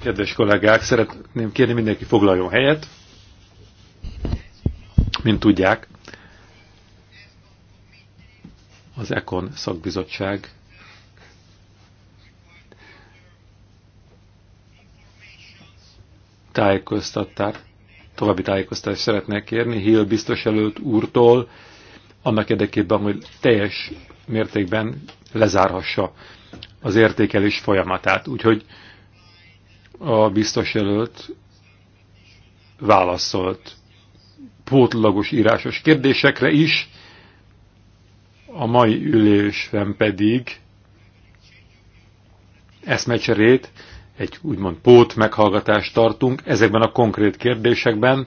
Kedves kollégák, szeretném kérni mindenki foglaljon helyet. Mint tudják, az ekon szakbizottság tájékoztatták, további tájékoztatást szeretnék kérni Hill biztos előtt úrtól, annak érdekében, hogy teljes mértékben lezárhassa az értékelés folyamatát. Úgyhogy a biztos jelölt válaszolt pótlagos írásos kérdésekre is, a mai ülésben pedig eszmecserét, egy úgymond pót meghallgatást tartunk ezekben a konkrét kérdésekben,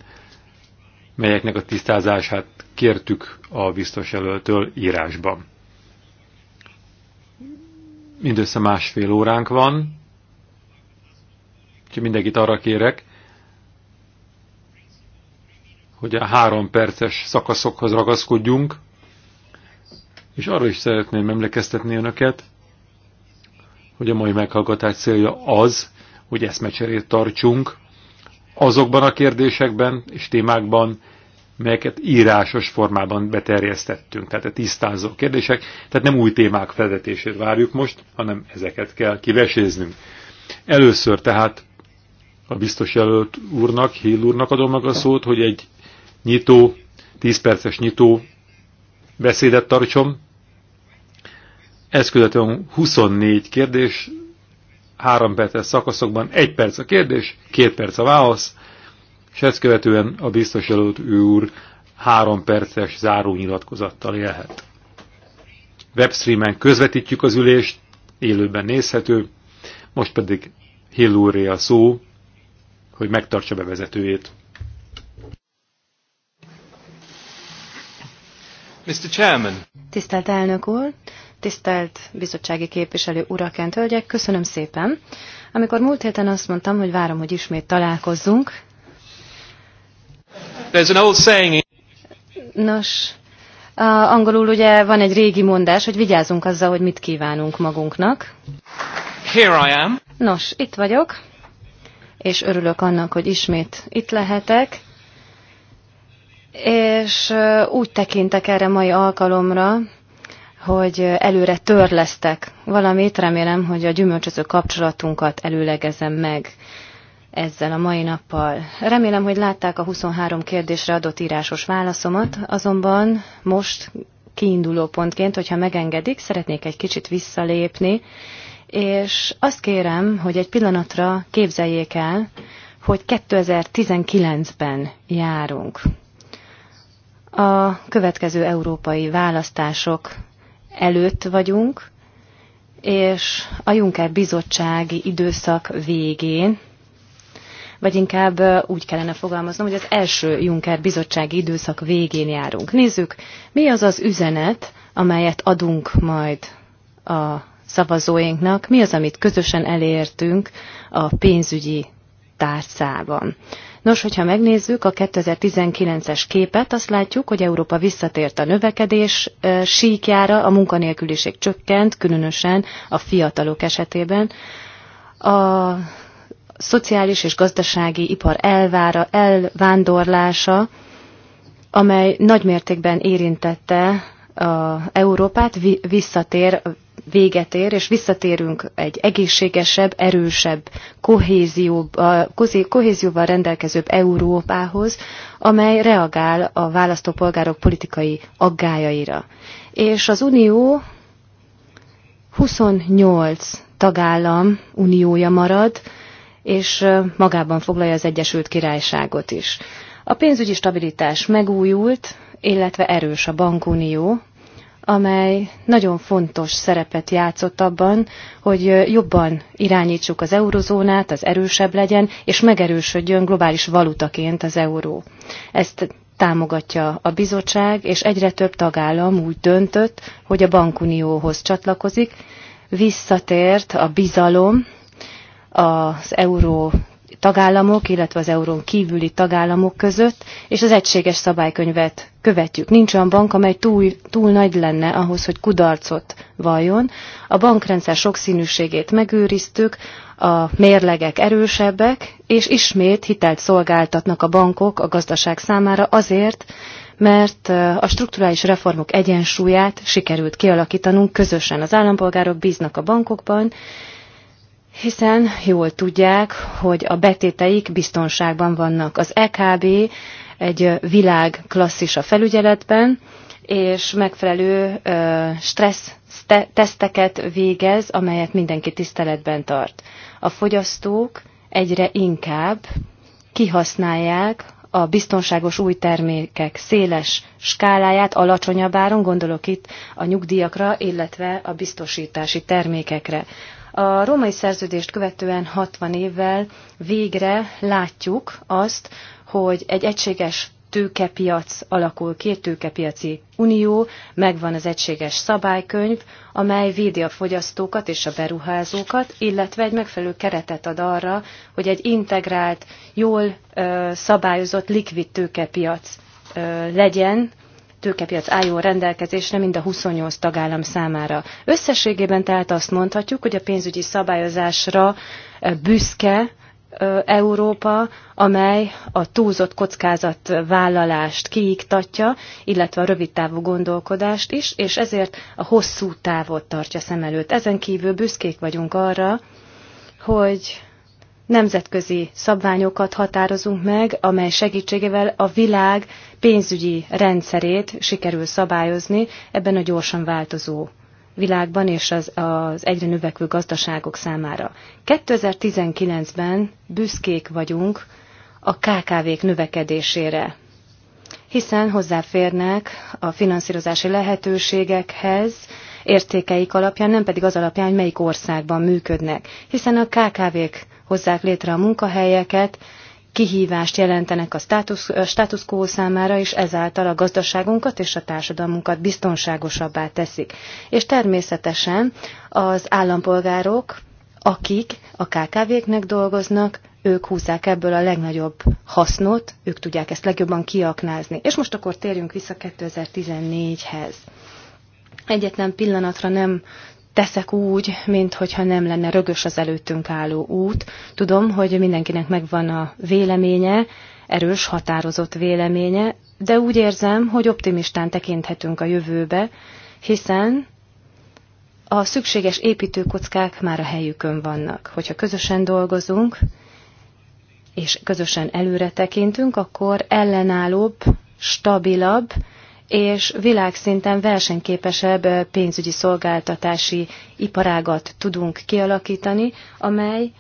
melyeknek a tisztázását kértük a biztos jelöltől írásban mindössze másfél óránk van, úgyhogy mindenkit arra kérek, hogy a három perces szakaszokhoz ragaszkodjunk, és arra is szeretném emlékeztetni önöket, hogy a mai meghallgatás célja az, hogy eszmecserét tartsunk azokban a kérdésekben és témákban, melyeket írásos formában beterjesztettünk. Tehát a tisztázó kérdések, tehát nem új témák fedetését várjuk most, hanem ezeket kell kiveséznünk. Először tehát a biztos jelölt úrnak, Hill úrnak adom meg a szót, hogy egy nyitó, 10 perces nyitó beszédet tartson. Ezt követően 24 kérdés, 3 perces szakaszokban, 1 perc a kérdés, 2 perc a válasz, és ezt követően a biztos előtt úr három perces zárónyilatkozattal élhet. Webstreamen közvetítjük az ülést, élőben nézhető, most pedig Hill úré a szó, hogy megtartsa bevezetőjét. Mr. Chairman. Tisztelt elnök úr, tisztelt bizottsági képviselő urakent hölgyek, köszönöm szépen. Amikor múlt héten azt mondtam, hogy várom, hogy ismét találkozzunk, There's an old saying. Nos, a, angolul ugye van egy régi mondás, hogy vigyázunk azzal, hogy mit kívánunk magunknak. Here I am. Nos, itt vagyok, és örülök annak, hogy ismét itt lehetek. És úgy tekintek erre mai alkalomra, hogy előre törlesztek valamit, remélem, hogy a gyümölcsöző kapcsolatunkat előlegezem meg ezzel a mai nappal. Remélem, hogy látták a 23 kérdésre adott írásos válaszomat, azonban most kiinduló pontként, hogyha megengedik, szeretnék egy kicsit visszalépni, és azt kérem, hogy egy pillanatra képzeljék el, hogy 2019-ben járunk. A következő európai választások előtt vagyunk, és a Juncker bizottsági időszak végén, vagy inkább úgy kellene fogalmaznom, hogy az első Juncker bizottsági időszak végén járunk. Nézzük, mi az az üzenet, amelyet adunk majd a szavazóinknak, mi az, amit közösen elértünk a pénzügyi tárcában. Nos, hogyha megnézzük a 2019-es képet, azt látjuk, hogy Európa visszatért a növekedés síkjára, a munkanélküliség csökkent, különösen a fiatalok esetében. A szociális és gazdasági ipar elvára, elvándorlása, amely nagymértékben érintette a Európát, visszatér, véget ér, és visszatérünk egy egészségesebb, erősebb, kohézióval rendelkezőbb Európához, amely reagál a választópolgárok politikai aggájaira. És az Unió 28 tagállam uniója marad, és magában foglalja az Egyesült Királyságot is. A pénzügyi stabilitás megújult, illetve erős a bankunió, amely nagyon fontos szerepet játszott abban, hogy jobban irányítsuk az eurozónát, az erősebb legyen, és megerősödjön globális valutaként az euró. Ezt támogatja a bizottság, és egyre több tagállam úgy döntött, hogy a bankunióhoz csatlakozik, visszatért a bizalom, az euró tagállamok, illetve az eurón kívüli tagállamok között, és az egységes szabálykönyvet követjük. Nincs olyan bank, amely túl, túl nagy lenne ahhoz, hogy kudarcot valljon. A bankrendszer sokszínűségét megőriztük, a mérlegek erősebbek, és ismét hitelt szolgáltatnak a bankok a gazdaság számára azért, mert a strukturális reformok egyensúlyát sikerült kialakítanunk közösen. Az állampolgárok bíznak a bankokban, hiszen jól tudják, hogy a betéteik biztonságban vannak. Az EKB egy világ klasszis a felügyeletben, és megfelelő stressz teszteket végez, amelyet mindenki tiszteletben tart. A fogyasztók egyre inkább kihasználják a biztonságos új termékek széles skáláját alacsonyabb áron, gondolok itt a nyugdíjakra, illetve a biztosítási termékekre. A római szerződést követően 60 évvel végre látjuk azt, hogy egy egységes tőkepiac alakul ki, tőkepiaci unió, megvan az egységes szabálykönyv, amely védi a fogyasztókat és a beruházókat, illetve egy megfelelő keretet ad arra, hogy egy integrált, jól ö, szabályozott likvid tőkepiac ö, legyen, tőkepiac álljon rendelkezésre mind a 28 tagállam számára. Összességében tehát azt mondhatjuk, hogy a pénzügyi szabályozásra büszke Európa, amely a túlzott kockázatvállalást kiiktatja, illetve a rövidtávú gondolkodást is, és ezért a hosszú távot tartja szem előtt. Ezen kívül büszkék vagyunk arra, hogy nemzetközi szabványokat határozunk meg, amely segítségével a világ pénzügyi rendszerét sikerül szabályozni ebben a gyorsan változó világban és az, az egyre növekvő gazdaságok számára. 2019-ben büszkék vagyunk a KKV-k növekedésére, hiszen hozzáférnek a finanszírozási lehetőségekhez, értékeik alapján, nem pedig az alapján, hogy melyik országban működnek, hiszen a KKV-k hozzák létre a munkahelyeket, kihívást jelentenek a status quo számára, és ezáltal a gazdaságunkat és a társadalmunkat biztonságosabbá teszik. És természetesen az állampolgárok, akik a KKV-knek dolgoznak, ők húzzák ebből a legnagyobb hasznot, ők tudják ezt legjobban kiaknázni. És most akkor térjünk vissza 2014-hez. Egyetlen pillanatra nem teszek úgy, mintha nem lenne rögös az előttünk álló út. Tudom, hogy mindenkinek megvan a véleménye, erős, határozott véleménye, de úgy érzem, hogy optimistán tekinthetünk a jövőbe, hiszen a szükséges építőkockák már a helyükön vannak. Hogyha közösen dolgozunk, és közösen előre tekintünk, akkor ellenállóbb, stabilabb, és világszinten versenyképesebb pénzügyi szolgáltatási iparágat tudunk kialakítani, amely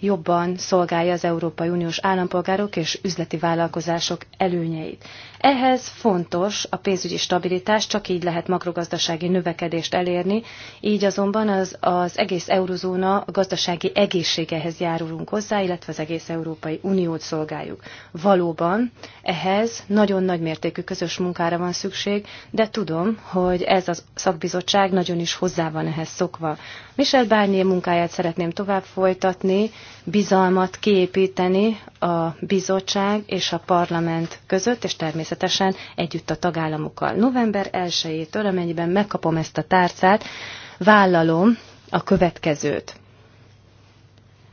jobban szolgálja az Európai Uniós állampolgárok és üzleti vállalkozások előnyeit. Ehhez fontos a pénzügyi stabilitás, csak így lehet makrogazdasági növekedést elérni, így azonban az, az egész eurozóna gazdasági egészségehez járulunk hozzá, illetve az egész Európai Uniót szolgáljuk. Valóban ehhez nagyon nagy mértékű közös munkára van szükség, de tudom, hogy ez a szakbizottság nagyon is hozzá van ehhez szokva. Michel Barnier munkáját szeretném tovább folytatni, bizalmat kiépíteni a bizottság és a parlament között, és természetesen együtt a tagállamokkal. November 1-től, amennyiben megkapom ezt a tárcát, vállalom a következőt.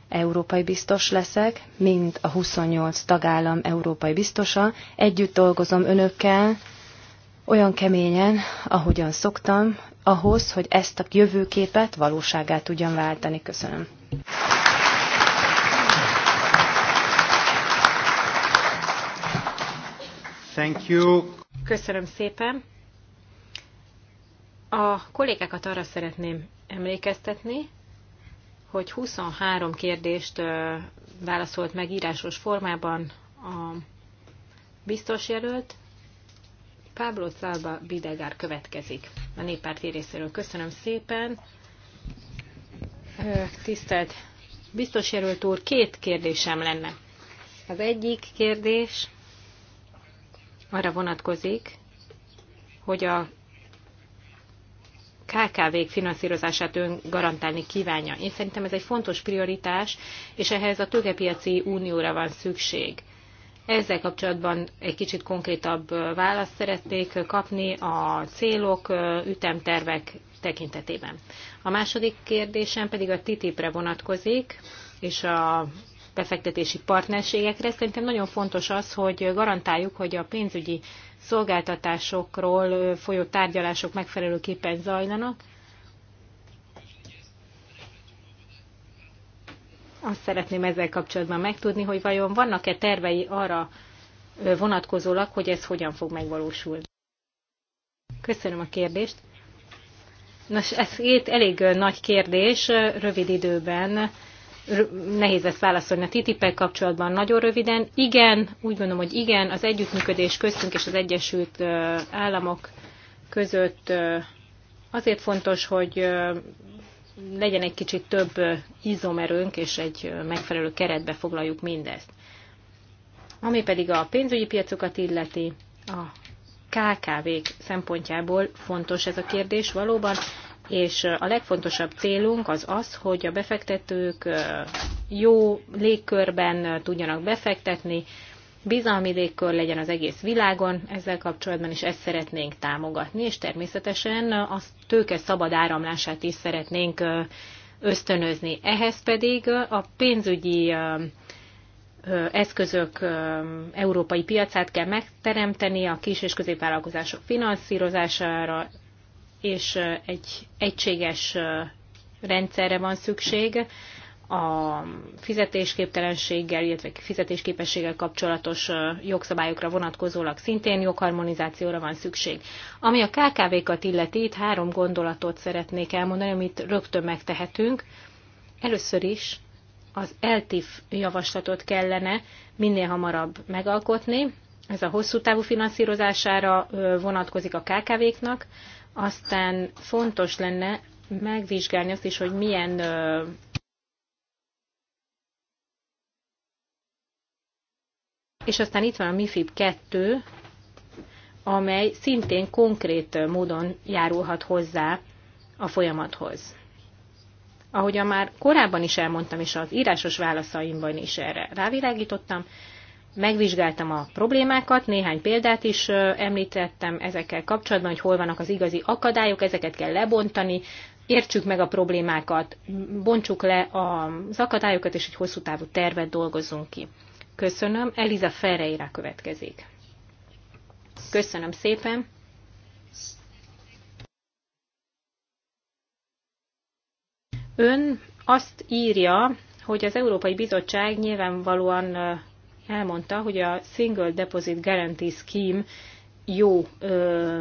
Európai biztos leszek, mint a 28 tagállam európai biztosa. Együtt dolgozom önökkel, olyan keményen, ahogyan szoktam, ahhoz, hogy ezt a jövőképet valóságát tudjam váltani. Köszönöm. Thank you. Köszönöm szépen. A kollégákat arra szeretném emlékeztetni, hogy 23 kérdést válaszolt meg írásos formában a biztos jelölt. Pablo Zalba Bidegár következik a néppárti részéről. Köszönöm szépen. Tisztelt biztos jelölt úr, két kérdésem lenne. Az egyik kérdés arra vonatkozik, hogy a KKV-k finanszírozását ön garantálni kívánja. Én szerintem ez egy fontos prioritás, és ehhez a tőkepiaci unióra van szükség. Ezzel kapcsolatban egy kicsit konkrétabb választ szeretnék kapni a célok, ütemtervek tekintetében. A második kérdésem pedig a TTIP-re vonatkozik, és a befektetési partnerségekre. Szerintem nagyon fontos az, hogy garantáljuk, hogy a pénzügyi szolgáltatásokról folyó tárgyalások megfelelőképpen zajlanak. Azt szeretném ezzel kapcsolatban megtudni, hogy vajon vannak-e tervei arra vonatkozólag, hogy ez hogyan fog megvalósulni. Köszönöm a kérdést. Nos, ez itt elég nagy kérdés, rövid időben nehéz lesz válaszolni a ttip kapcsolatban nagyon röviden. Igen, úgy gondolom, hogy igen, az együttműködés köztünk és az Egyesült Államok között azért fontos, hogy legyen egy kicsit több izomerőnk, és egy megfelelő keretbe foglaljuk mindezt. Ami pedig a pénzügyi piacokat illeti, a KKV-k szempontjából fontos ez a kérdés valóban, és a legfontosabb célunk az az, hogy a befektetők jó légkörben tudjanak befektetni, bizalmi légkör legyen az egész világon, ezzel kapcsolatban is ezt szeretnénk támogatni, és természetesen a tőke szabad áramlását is szeretnénk ösztönözni. Ehhez pedig a pénzügyi eszközök európai piacát kell megteremteni a kis- és középvállalkozások finanszírozására és egy egységes rendszerre van szükség a fizetésképtelenséggel, illetve fizetésképességgel kapcsolatos jogszabályokra vonatkozólag szintén jogharmonizációra van szükség. Ami a KKV-kat illeti, itt három gondolatot szeretnék elmondani, amit rögtön megtehetünk. Először is az LTIF javaslatot kellene minél hamarabb megalkotni. Ez a hosszú távú finanszírozására vonatkozik a KKV-knak. Aztán fontos lenne megvizsgálni azt is, hogy milyen És aztán itt van a MIFIB 2, amely szintén konkrét módon járulhat hozzá a folyamathoz. Ahogyan már korábban is elmondtam, és az írásos válaszaimban is erre rávilágítottam, megvizsgáltam a problémákat, néhány példát is említettem ezekkel kapcsolatban, hogy hol vannak az igazi akadályok, ezeket kell lebontani, értsük meg a problémákat, bontsuk le az akadályokat, és egy hosszú távú tervet dolgozzunk ki. Köszönöm. Eliza Ferreira következik. Köszönöm szépen. Ön azt írja, hogy az Európai Bizottság nyilvánvalóan elmondta, hogy a Single Deposit Guarantee Scheme jó ö,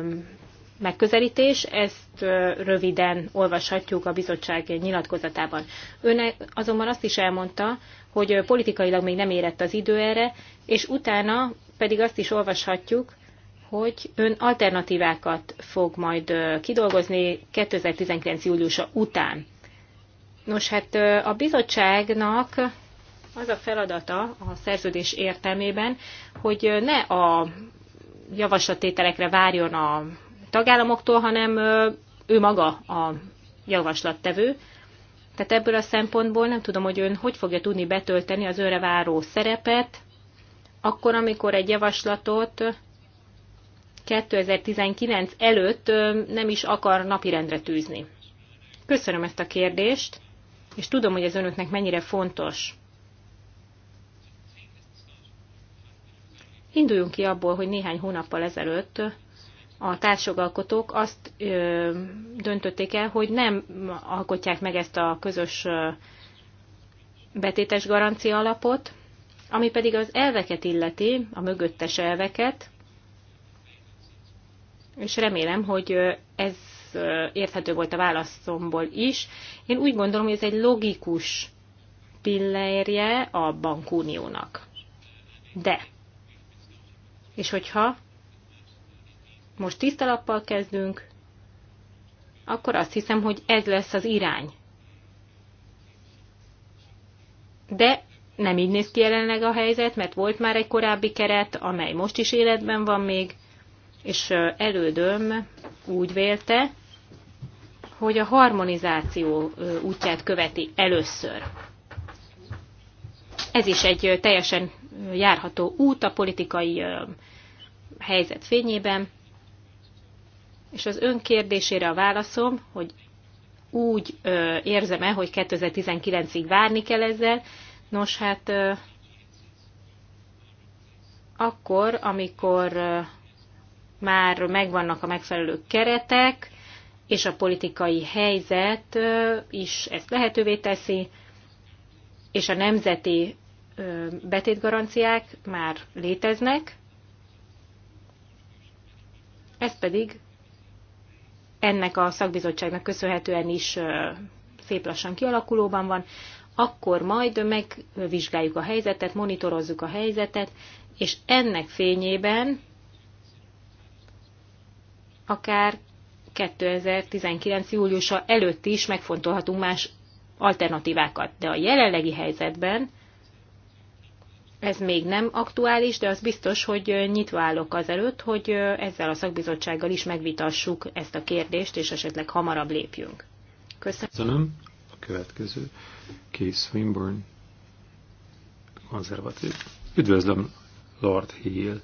megközelítés, ezt ö, röviden olvashatjuk a bizottság nyilatkozatában. Ön e- azonban azt is elmondta, hogy politikailag még nem érett az idő erre, és utána pedig azt is olvashatjuk, hogy ön alternatívákat fog majd kidolgozni 2019. júliusa után. Nos, hát a bizottságnak az a feladata a szerződés értelmében, hogy ne a javaslattételekre várjon a tagállamoktól, hanem ő maga a javaslattevő. Tehát ebből a szempontból nem tudom, hogy ön hogy fogja tudni betölteni az őre váró szerepet, akkor, amikor egy javaslatot 2019 előtt nem is akar napirendre tűzni. Köszönöm ezt a kérdést, és tudom, hogy ez önöknek mennyire fontos. Induljunk ki abból, hogy néhány hónappal ezelőtt a társjogalkotók azt ö, döntötték el, hogy nem alkotják meg ezt a közös ö, betétes garancia alapot, ami pedig az elveket illeti, a mögöttes elveket, és remélem, hogy ez érthető volt a válaszomból is. Én úgy gondolom, hogy ez egy logikus pillérje a bankuniónak. De és hogyha most tiszta lappal kezdünk, akkor azt hiszem, hogy ez lesz az irány. De nem így néz ki jelenleg a helyzet, mert volt már egy korábbi keret, amely most is életben van még, és elődöm úgy vélte, hogy a harmonizáció útját követi először. Ez is egy teljesen járható út a politikai helyzet fényében, és az ön kérdésére a válaszom, hogy úgy ö, érzem-e, hogy 2019-ig várni kell ezzel. Nos, hát ö, akkor, amikor ö, már megvannak a megfelelő keretek, és a politikai helyzet ö, is ezt lehetővé teszi, és a nemzeti ö, betétgaranciák már léteznek, ez pedig ennek a szakbizottságnak köszönhetően is szép lassan kialakulóban van, akkor majd megvizsgáljuk a helyzetet, monitorozzuk a helyzetet, és ennek fényében akár 2019. júliusa előtt is megfontolhatunk más alternatívákat. De a jelenlegi helyzetben ez még nem aktuális, de az biztos, hogy nyitva állok azelőtt, hogy ezzel a szakbizottsággal is megvitassuk ezt a kérdést, és esetleg hamarabb lépjünk. Köszönöm. Köszönöm. A következő Keith Swinburne, konzervatív. Üdvözlöm, Lord Hill.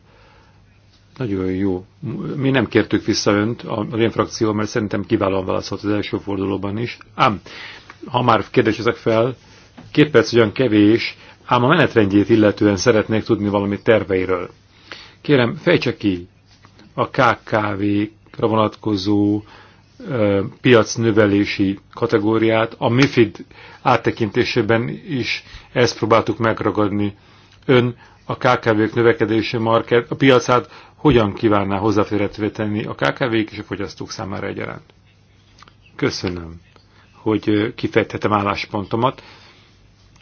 Nagyon jó. Mi nem kértük vissza önt, az én frakció, mert szerintem kiválóan válaszolt az első fordulóban is. Ám, ha már kérdés ezek fel, két perc ugyan kevés, ám a menetrendjét illetően szeretnék tudni valami terveiről. Kérem, fejtse ki a kkv kra vonatkozó ö, piacnövelési kategóriát. A MIFID áttekintésében is ezt próbáltuk megragadni. Ön a KKV-k növekedési market, a piacát hogyan kívánná hozzáférhetővé tenni a KKV-k és a fogyasztók számára egyaránt? Köszönöm, hogy kifejthetem álláspontomat.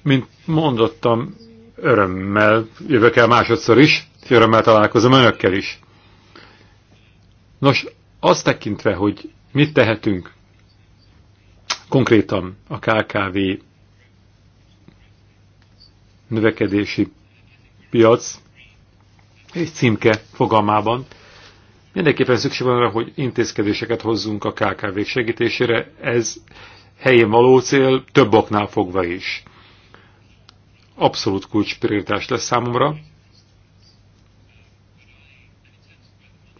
Mint mondottam, örömmel jövök el másodszor is, örömmel találkozom önökkel is. Nos, azt tekintve, hogy mit tehetünk konkrétan a KKV növekedési piac és címke fogalmában, mindenképpen szükség van arra, hogy intézkedéseket hozzunk a KKV segítésére. Ez helyén való cél, több oknál fogva is abszolút kulcsprioritás lesz számomra,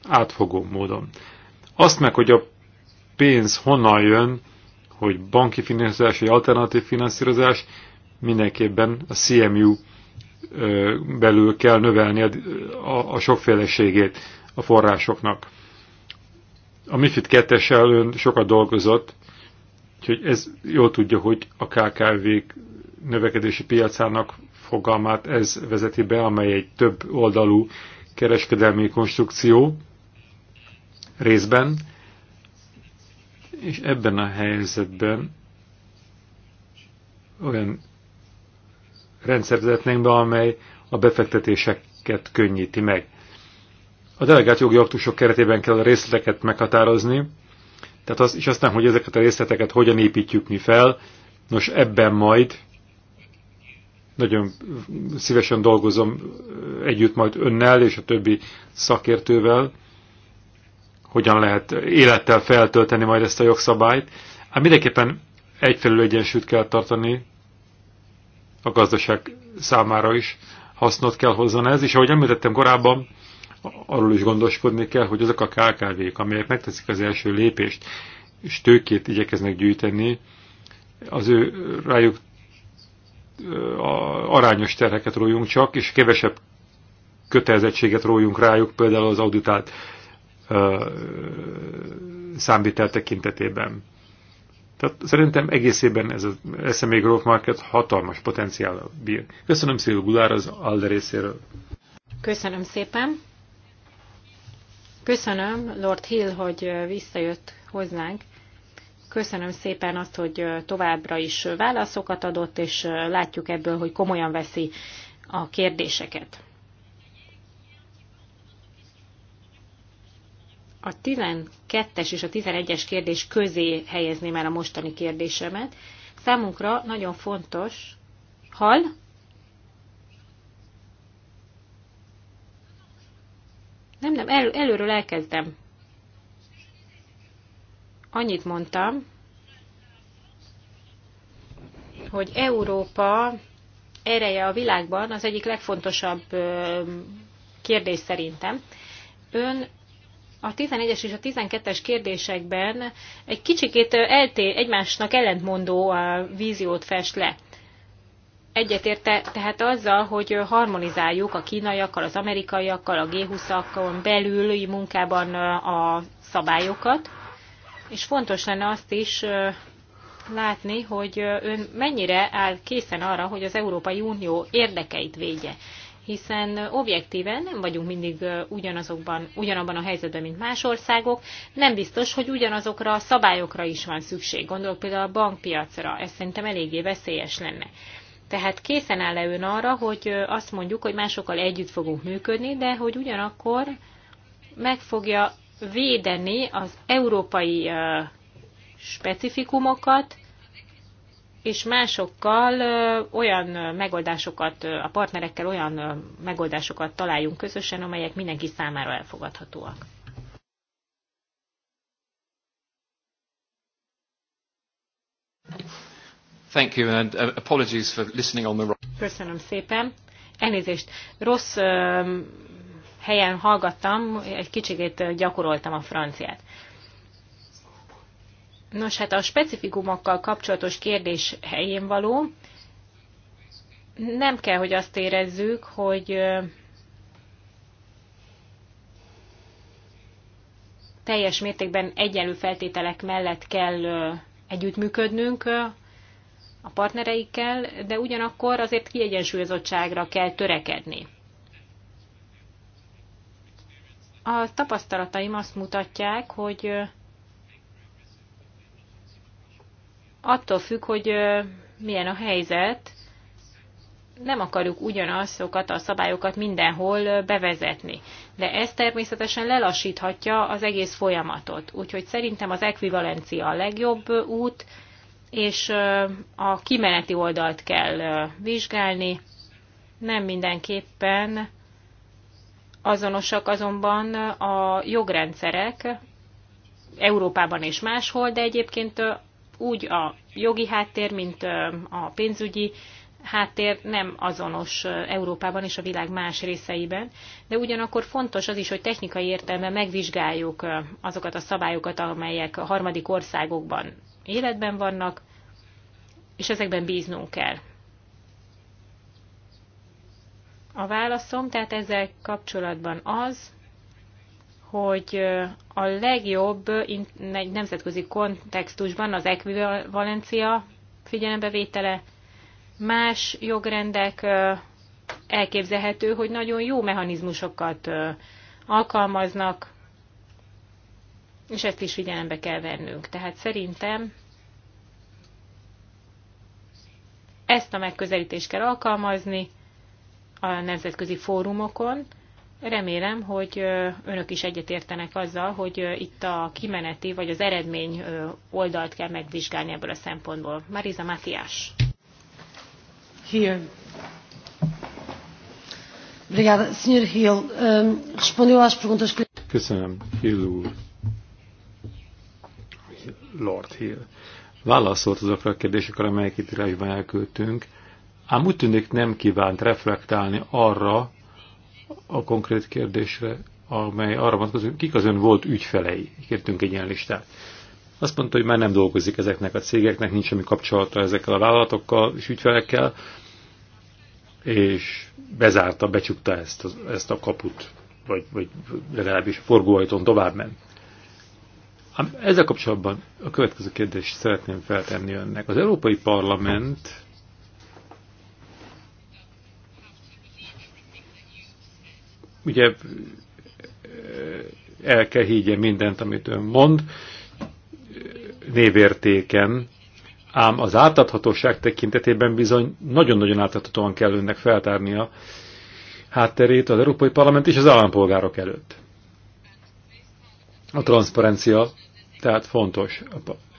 átfogó módon. Azt meg, hogy a pénz honnan jön, hogy banki finanszírozás vagy alternatív finanszírozás, mindenképpen a CMU belül kell növelni a, a, a sokféleségét a forrásoknak. A MIFID 2-essel sokat dolgozott, úgyhogy ez jól tudja, hogy a KKV-k növekedési piacának fogalmát ez vezeti be, amely egy több oldalú kereskedelmi konstrukció részben, és ebben a helyzetben olyan rendszerzetnénk be, amely a befektetéseket könnyíti meg. A delegált jogi aktusok keretében kell a részleteket meghatározni, tehát az, és aztán, hogy ezeket a részleteket hogyan építjük mi fel, nos ebben majd nagyon szívesen dolgozom együtt majd önnel és a többi szakértővel, hogyan lehet élettel feltölteni majd ezt a jogszabályt. Hát mindenképpen egyfelől egyensúlyt kell tartani a gazdaság számára is, hasznot kell hozzon ez, és ahogy említettem korábban, arról is gondoskodni kell, hogy azok a KKV-k, amelyek megteszik az első lépést, és tőkét igyekeznek gyűjteni, az ő rájuk a arányos terheket rójunk csak, és kevesebb kötelezettséget rójunk rájuk, például az auditált számvitel tekintetében. Tehát szerintem egészében ez a SME Growth Market hatalmas potenciál. bír. Köszönöm szépen Gulár az Alde részéről. Köszönöm szépen. Köszönöm Lord Hill, hogy visszajött hozzánk. Köszönöm szépen azt, hogy továbbra is válaszokat adott, és látjuk ebből, hogy komolyan veszi a kérdéseket. A 12-es és a 11-es kérdés közé helyezném el a mostani kérdésemet. Számunkra nagyon fontos, hal, nem, nem, el, előről elkezdem annyit mondtam, hogy Európa ereje a világban az egyik legfontosabb kérdés szerintem. Ön a 11-es és a 12-es kérdésekben egy kicsikét elté, egymásnak ellentmondó a víziót fest le. Egyetérte tehát azzal, hogy harmonizáljuk a kínaiakkal, az amerikaiakkal, a G20-akon belüli munkában a szabályokat, és fontos lenne azt is látni, hogy ön mennyire áll készen arra, hogy az Európai Unió érdekeit védje hiszen objektíven nem vagyunk mindig ugyanazokban, ugyanabban a helyzetben, mint más országok. Nem biztos, hogy ugyanazokra a szabályokra is van szükség. Gondolok például a bankpiacra, ez szerintem eléggé veszélyes lenne. Tehát készen áll-e ön arra, hogy azt mondjuk, hogy másokkal együtt fogunk működni, de hogy ugyanakkor meg fogja védeni az európai specifikumokat, és másokkal olyan megoldásokat, a partnerekkel olyan megoldásokat találjunk közösen, amelyek mindenki számára elfogadhatóak. Thank you and uh, apologies for listening on the Köszönöm szépen. Elnézést. Rossz helyen hallgattam, egy kicsit gyakoroltam a franciát. Nos, hát a specifikumokkal kapcsolatos kérdés helyén való. Nem kell, hogy azt érezzük, hogy teljes mértékben egyenlő feltételek mellett kell együttműködnünk a partnereikkel, de ugyanakkor azért kiegyensúlyozottságra kell törekedni. A tapasztalataim azt mutatják, hogy attól függ, hogy milyen a helyzet, nem akarjuk ugyanazokat a szabályokat mindenhol bevezetni. De ez természetesen lelassíthatja az egész folyamatot. Úgyhogy szerintem az ekvivalencia a legjobb út, és a kimeneti oldalt kell vizsgálni. Nem mindenképpen Azonosak azonban a jogrendszerek Európában és máshol, de egyébként úgy a jogi háttér, mint a pénzügyi háttér nem azonos Európában és a világ más részeiben, de ugyanakkor fontos az is, hogy technikai értelemben megvizsgáljuk azokat a szabályokat, amelyek a harmadik országokban életben vannak, és ezekben bíznunk kell. A válaszom tehát ezzel kapcsolatban az, hogy a legjobb nemzetközi kontextusban az ekvivalencia figyelembevétele más jogrendek elképzelhető, hogy nagyon jó mechanizmusokat alkalmaznak, és ezt is figyelembe kell vennünk. Tehát szerintem ezt a megközelítést kell alkalmazni, a nemzetközi fórumokon. Remélem, hogy önök is egyetértenek azzal, hogy itt a kimeneti vagy az eredmény oldalt kell megvizsgálni ebből a szempontból. Mariza Matiás. Here. Obrigada. Sr. Hill, um, respondeu às perguntas que... Köszönöm, Hill úr. Lord Hill. Válaszolt azokra a kérdésekre, amelyek itt írásban elküldtünk ám úgy tűnik nem kívánt reflektálni arra a konkrét kérdésre, amely arra vonatkozik, kik az ön volt ügyfelei. Kértünk egy ilyen listát. Azt mondta, hogy már nem dolgozik ezeknek a cégeknek, nincs semmi kapcsolata ezekkel a vállalatokkal és ügyfelekkel, és bezárta, becsukta ezt, ezt a kaput, vagy, vagy legalábbis forgóajton tovább ment. Ezzel kapcsolatban a következő kérdést szeretném feltenni önnek. Az Európai Parlament ugye eh, el kell higgye mindent, amit ön mond, névértéken, ám az átadhatóság tekintetében bizony nagyon-nagyon átadhatóan kell önnek a hátterét az Európai Parlament és az állampolgárok előtt. A transzparencia tehát fontos,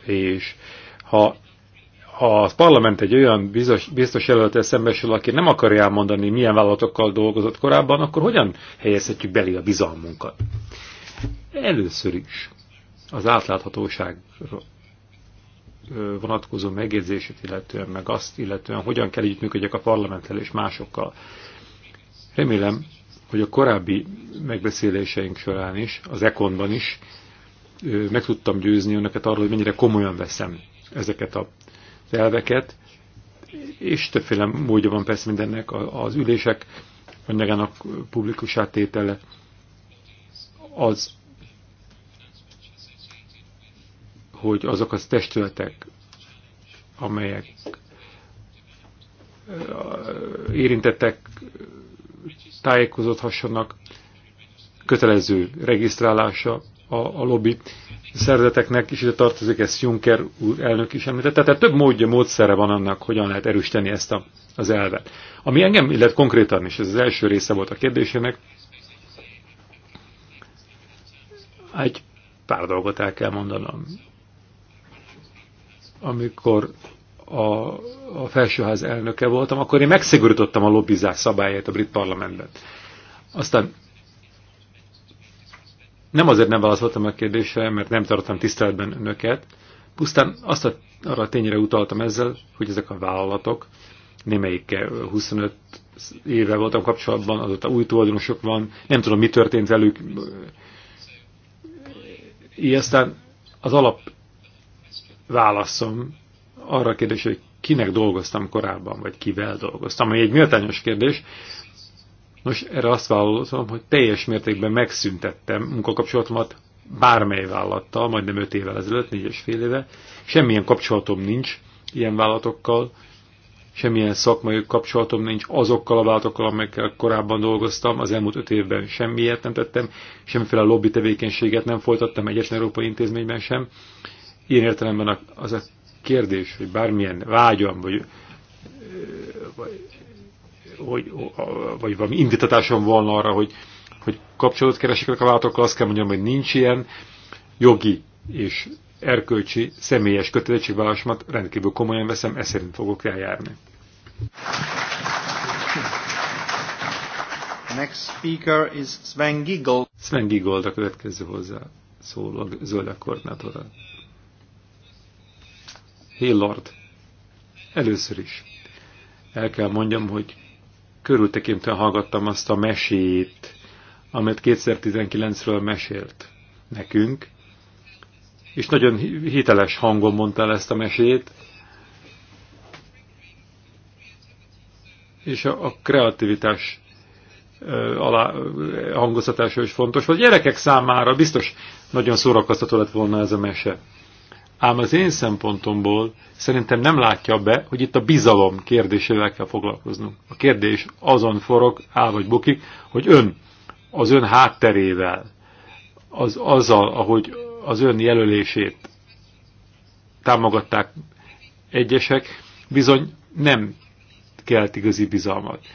és ha a parlament egy olyan biztos, biztos jelöltel szembesül, aki nem akarja elmondani, milyen vállalatokkal dolgozott korábban, akkor hogyan helyezhetjük belé a bizalmunkat? Először is az átláthatóság vonatkozó megjegyzését illetően, meg azt illetően, hogyan kell együttműködjek a parlamenttel és másokkal. Remélem, hogy a korábbi megbeszéléseink során is, az Ekonban is meg tudtam győzni önöket arról, hogy mennyire komolyan veszem ezeket a elveket, és többféle módja van persze mindennek az ülések anyagának publikus tétele, az, hogy azok az testületek, amelyek eh, érintettek tájékozódhassanak, kötelező regisztrálása, a, a lobby szervezeteknek is ide tartozik, ezt Juncker úr elnök is említette. Tehát több módja, módszere van annak, hogyan lehet erősíteni ezt a, az elvet. Ami engem illet konkrétan is, ez az első része volt a kérdésének, egy pár dolgot el kell mondanom. Amikor a, a felsőház elnöke voltam, akkor én megszigorítottam a lobbizás szabályát a brit parlamentben. Aztán nem azért nem válaszoltam a kérdésre, mert nem tartottam tiszteletben önöket, pusztán azt a, arra a tényre utaltam ezzel, hogy ezek a vállalatok, némelyikkel 25 éve voltam kapcsolatban, azóta új tulajdonosok van, nem tudom, mi történt velük. Így aztán az alap válaszom arra a kérdés, hogy kinek dolgoztam korábban, vagy kivel dolgoztam, ami egy méltányos kérdés, Nos, erre azt vállalom, hogy teljes mértékben megszüntettem munkakapcsolatomat bármely vállalattal, majdnem 5 évvel ezelőtt, 4 és fél éve. Semmilyen kapcsolatom nincs ilyen vállalatokkal, semmilyen szakmai kapcsolatom nincs azokkal a vállalatokkal, amelyekkel korábban dolgoztam, az elmúlt 5 évben semmiért nem tettem, semmiféle lobby tevékenységet nem folytattam egyes európai intézményben sem. Ilyen értelemben az a kérdés, hogy bármilyen vágyam, vagy, vagy hogy, vagy valami indítatásom volna arra, hogy, hogy kapcsolatot keresek a vállalatokkal, azt kell mondjam, hogy nincs ilyen jogi és erkölcsi, személyes kötelezettségvállalásomat rendkívül komolyan veszem, ezt szerint fogok eljárni. Next speaker is Sven Giggold. Sven Giggold a következő hozzá szól a zöldek koordinátora. Hey Lord, először is el kell mondjam, hogy körültekintően hallgattam azt a mesét, amit 2019-ről mesélt nekünk, és nagyon hiteles hangon mondta el ezt a mesét, és a, a kreativitás alá, is fontos, vagy gyerekek számára biztos nagyon szórakoztató lett volna ez a mese. Ám az én szempontomból szerintem nem látja be, hogy itt a bizalom kérdésével kell foglalkoznunk. A kérdés azon forog, áll vagy bukik, hogy ön, az ön hátterével, az, azzal, ahogy az ön jelölését támogatták egyesek, bizony nem kelt igazi bizalmat.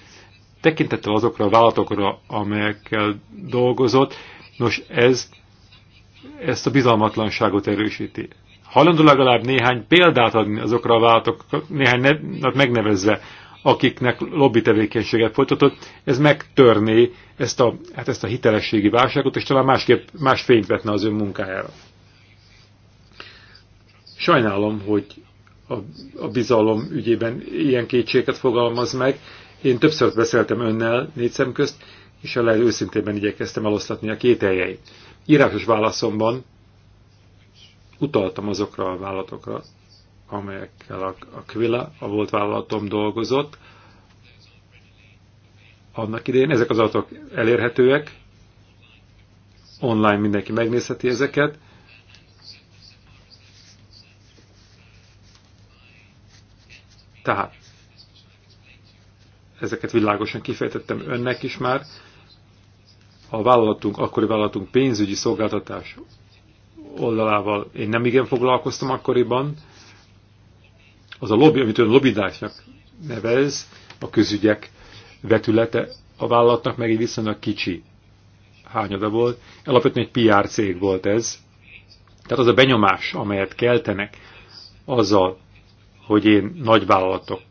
Tekintettel azokra a vállalatokra, amelyekkel dolgozott, nos ez ezt a bizalmatlanságot erősíti hajlandó legalább néhány példát adni azokra a néhány néhányat megnevezve, akiknek lobby tevékenységet folytatott, ez megtörné ezt a, hát ezt a hitelességi válságot, és talán másképp, más fényt vetne az ön munkájára. Sajnálom, hogy a, a bizalom ügyében ilyen kétséget fogalmaz meg. Én többször beszéltem önnel négy szem közt, és a lehető őszintében igyekeztem eloszlatni a kételjeit. Írásos válaszomban utaltam azokra a vállalatokra, amelyekkel a, a Quilla, a volt vállalatom dolgozott. Annak idején ezek az adatok elérhetőek, online mindenki megnézheti ezeket. Tehát ezeket világosan kifejtettem önnek is már. A vállalatunk, akkori vállalatunk pénzügyi szolgáltatás oldalával én nem igen foglalkoztam akkoriban. Az a lobby, amit ön lobidásnak nevez, a közügyek vetülete a vállalatnak meg egy viszonylag kicsi hányada volt. Alapvetően egy PR cég volt ez. Tehát az a benyomás, amelyet keltenek, azzal, hogy én nagyvállalatok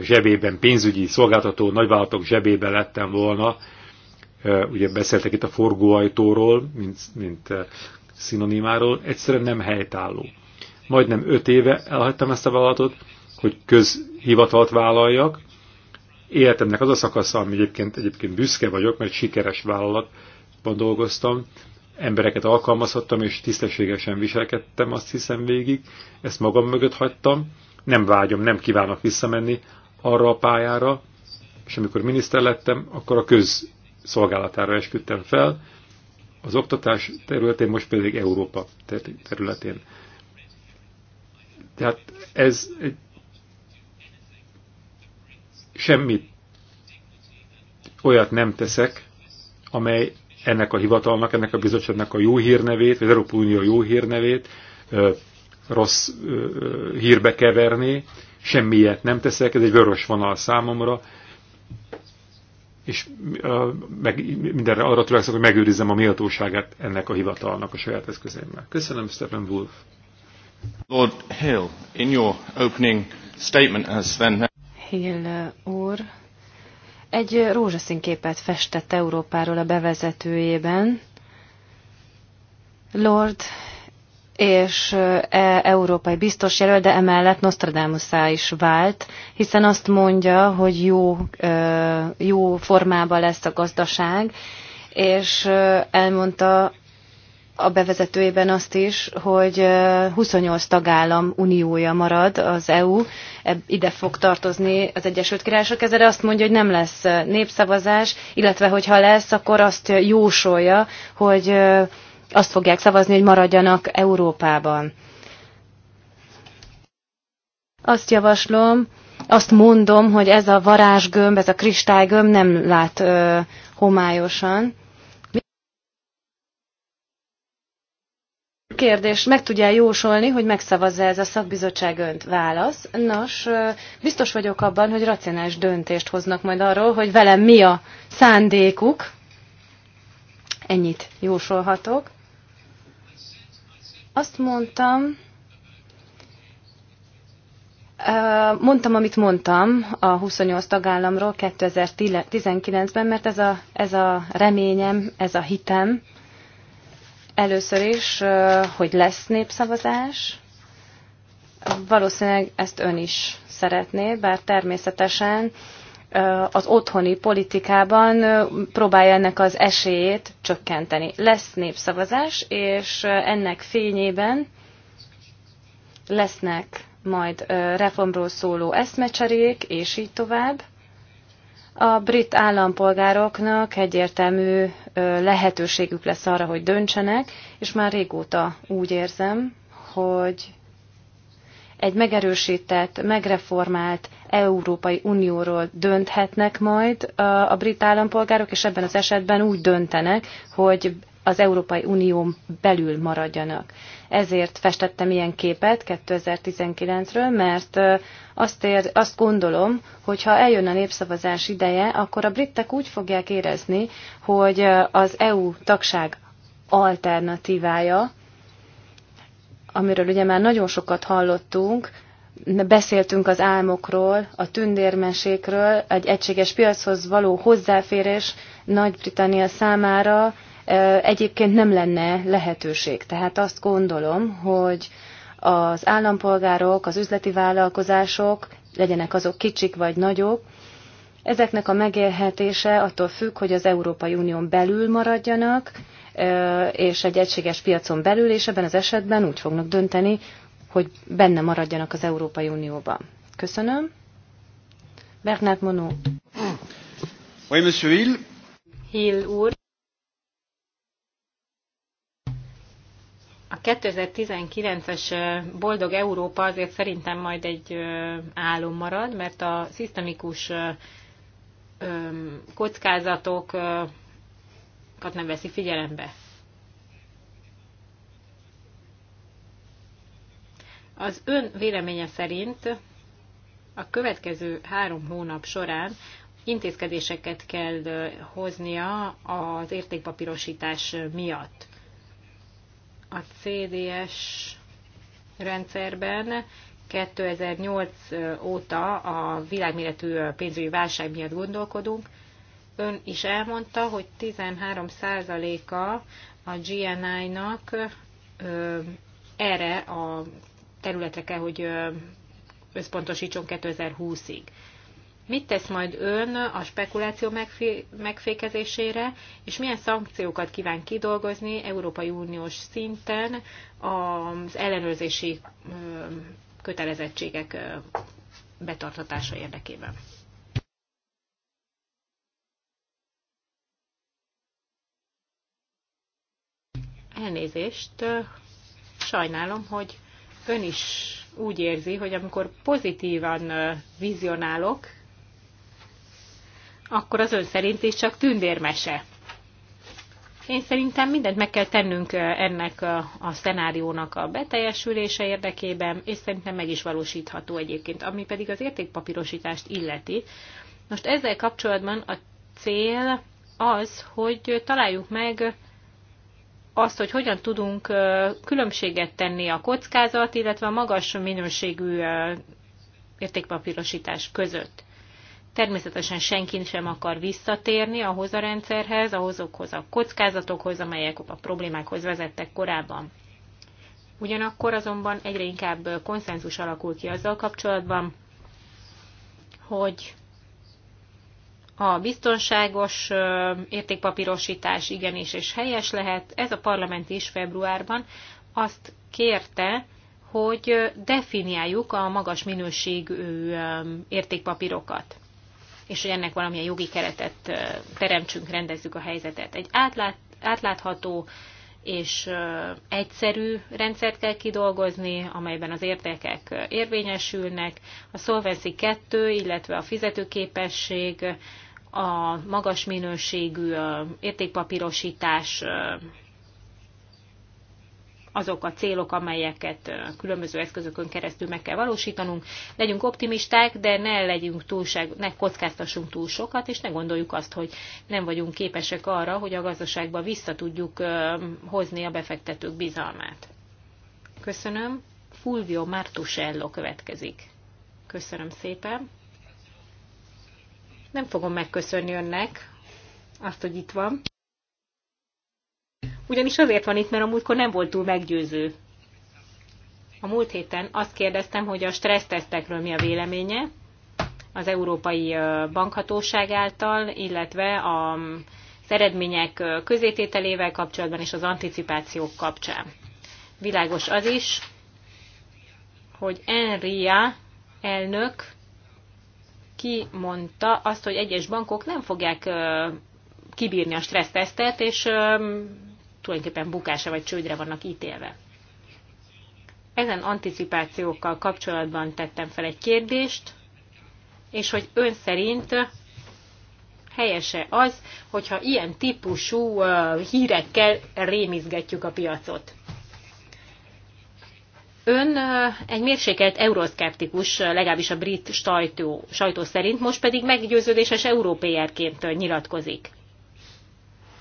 zsebében, pénzügyi szolgáltató nagyvállalatok zsebében lettem volna, ugye beszéltek itt a forgóajtóról, mint, mint szinonimáról egyszerűen nem helytálló. Majdnem öt éve elhagytam ezt a vállalatot, hogy közhivatalt vállaljak. Életemnek az a szakasza, ami egyébként, egyébként büszke vagyok, mert sikeres vállalatban dolgoztam, embereket alkalmazhattam, és tisztességesen viselkedtem, azt hiszem végig. Ezt magam mögött hagytam. Nem vágyom, nem kívánok visszamenni arra a pályára, és amikor miniszter lettem, akkor a közszolgálatára esküdtem fel, az oktatás területén, most pedig Európa területén. Tehát ez egy semmit olyat nem teszek, amely ennek a hivatalnak, ennek a bizottságnak a jó hírnevét, vagy az Európai Unió jó hírnevét ö, rossz ö, hírbe keverné, semmilyet nem teszek, ez egy vörös vonal számomra, és meg, mindenre arra törekszem, hogy megőrizzem a méltóságát ennek a hivatalnak a saját eszközeimmel. Köszönöm, Stephen Wolf. Lord Hill, in your opening statement as then... Hill úr, egy rózsaszín képet festett Európáról a bevezetőjében. Lord és e, európai biztos jelöl, de emellett Nostradamuszá is vált, hiszen azt mondja, hogy jó, e, jó formában lesz a gazdaság, és e, elmondta a bevezetőjében azt is, hogy 28 tagállam uniója marad az EU, e, ide fog tartozni az Egyesült királyok ezzel azt mondja, hogy nem lesz népszavazás, illetve hogyha lesz, akkor azt jósolja, hogy azt fogják szavazni, hogy maradjanak Európában. Azt javaslom, azt mondom, hogy ez a varázsgömb, ez a kristálygömb nem lát ö, homályosan. Kérdés, meg tudja jósolni, hogy megszavazza ez a szakbizottság önt? Válasz. Nos, ö, biztos vagyok abban, hogy racionális döntést hoznak majd arról, hogy velem mi a szándékuk. Ennyit jósolhatok. Azt mondtam, Mondtam, amit mondtam a 28 tagállamról 2019-ben, mert ez a, ez a reményem, ez a hitem. Először is, hogy lesz népszavazás. Valószínűleg ezt ön is szeretné, bár természetesen az otthoni politikában próbálja ennek az esélyét csökkenteni. Lesz népszavazás, és ennek fényében lesznek majd reformról szóló eszmecserék, és így tovább. A brit állampolgároknak egyértelmű lehetőségük lesz arra, hogy döntsenek, és már régóta úgy érzem, hogy egy megerősített, megreformált Európai Unióról dönthetnek majd a brit állampolgárok, és ebben az esetben úgy döntenek, hogy az Európai Unión belül maradjanak. Ezért festettem ilyen képet 2019-ről, mert azt, ér, azt gondolom, hogy ha eljön a népszavazás ideje, akkor a britek úgy fogják érezni, hogy az EU tagság alternatívája, amiről ugye már nagyon sokat hallottunk, beszéltünk az álmokról, a tündérmesékről, egy egységes piachoz való hozzáférés Nagy-Britannia számára egyébként nem lenne lehetőség. Tehát azt gondolom, hogy az állampolgárok, az üzleti vállalkozások, legyenek azok kicsik vagy nagyok, ezeknek a megélhetése attól függ, hogy az Európai Unión belül maradjanak, és egy egységes piacon belül, és ebben az esetben úgy fognak dönteni, hogy benne maradjanak az Európai Unióban. Köszönöm. Bernard Monó. Oui, monsieur Hill. Hill úr. A 2019-es Boldog Európa azért szerintem majd egy álom marad, mert a szisztemikus kockázatok nem veszi figyelembe. Az ön véleménye szerint a következő három hónap során intézkedéseket kell hoznia az értékpapírosítás miatt. A CDS rendszerben 2008 óta a világméretű pénzügyi válság miatt gondolkodunk, Ön is elmondta, hogy 13%-a a GNI-nak erre a területre kell, hogy összpontosítson 2020-ig. Mit tesz majd ön a spekuláció megfékezésére, és milyen szankciókat kíván kidolgozni Európai Uniós szinten az ellenőrzési kötelezettségek betartatása érdekében? Elnézést, sajnálom, hogy ön is úgy érzi, hogy amikor pozitívan vizionálok, akkor az ön szerint is csak tündérmese. Én szerintem mindent meg kell tennünk ennek a, a szenáriónak a beteljesülése érdekében, és szerintem meg is valósítható egyébként. Ami pedig az értékpapírosítást illeti. Most ezzel kapcsolatban a cél az, hogy találjuk meg azt, hogy hogyan tudunk különbséget tenni a kockázat, illetve a magas minőségű értékpapírosítás között. Természetesen senki sem akar visszatérni ahhoz a rendszerhez, ahhozokhoz a kockázatokhoz, amelyek a problémákhoz vezettek korábban. Ugyanakkor azonban egyre inkább konszenzus alakul ki azzal kapcsolatban, hogy a biztonságos értékpapírosítás igenis és helyes lehet. Ez a parlament is februárban azt kérte, hogy definiáljuk a magas minőségű értékpapírokat, és hogy ennek valamilyen jogi keretet teremtsünk, rendezzük a helyzetet. Egy átlát, átlátható és egyszerű rendszert kell kidolgozni, amelyben az értékek érvényesülnek. A Solvency 2, illetve a fizetőképesség a magas minőségű értékpapírosítás azok a célok, amelyeket különböző eszközökön keresztül meg kell valósítanunk. Legyünk optimisták, de ne legyünk túlság, ne kockáztassunk túl sokat, és ne gondoljuk azt, hogy nem vagyunk képesek arra, hogy a gazdaságba vissza tudjuk hozni a befektetők bizalmát. Köszönöm. Fulvio Martusello következik. Köszönöm szépen. Nem fogom megköszönni önnek azt, hogy itt van. Ugyanis azért van itt, mert a múltkor nem volt túl meggyőző. A múlt héten azt kérdeztem, hogy a stressztesztekről mi a véleménye az Európai Bankhatóság által, illetve a eredmények közétételével kapcsolatban és az anticipációk kapcsán. Világos az is, hogy Enria elnök kimondta azt, hogy egyes bankok nem fogják kibírni a stressztesztet, és tulajdonképpen bukása vagy csődre vannak ítélve. Ezen anticipációkkal kapcsolatban tettem fel egy kérdést, és hogy ön szerint helyese az, hogyha ilyen típusú hírekkel rémizgetjük a piacot. Ön egy mérsékelt euroszkeptikus, legalábbis a brit sajtó, sajtó szerint, most pedig meggyőződéses európéerként nyilatkozik.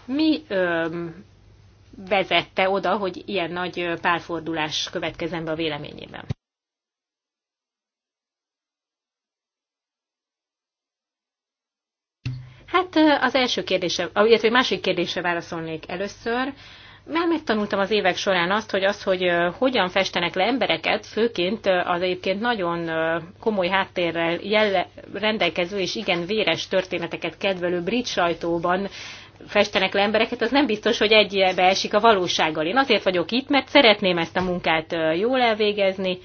Mi ö, vezette oda, hogy ilyen nagy párfordulás következzen be a véleményében? Hát az első kérdése, illetve másik kérdése válaszolnék először. Már megtanultam az évek során azt, hogy az, hogy hogyan festenek le embereket, főként az egyébként nagyon komoly háttérrel jelle, rendelkező és igen véres történeteket kedvelő brit sajtóban festenek le embereket, az nem biztos, hogy egybe esik a valósággal. Én azért vagyok itt, mert szeretném ezt a munkát jól elvégezni,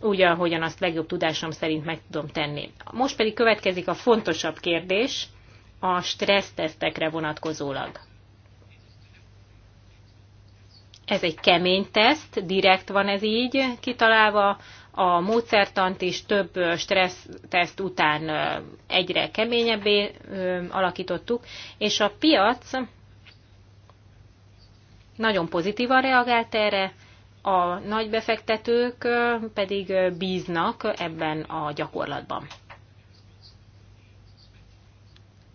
úgy, ahogyan azt legjobb tudásom szerint meg tudom tenni. Most pedig következik a fontosabb kérdés, a stressztesztekre vonatkozólag. Ez egy kemény teszt, direkt van ez így kitalálva, a módszertant is több stressz teszt után egyre keményebbé alakítottuk, és a piac nagyon pozitívan reagált erre, a nagy befektetők pedig bíznak ebben a gyakorlatban.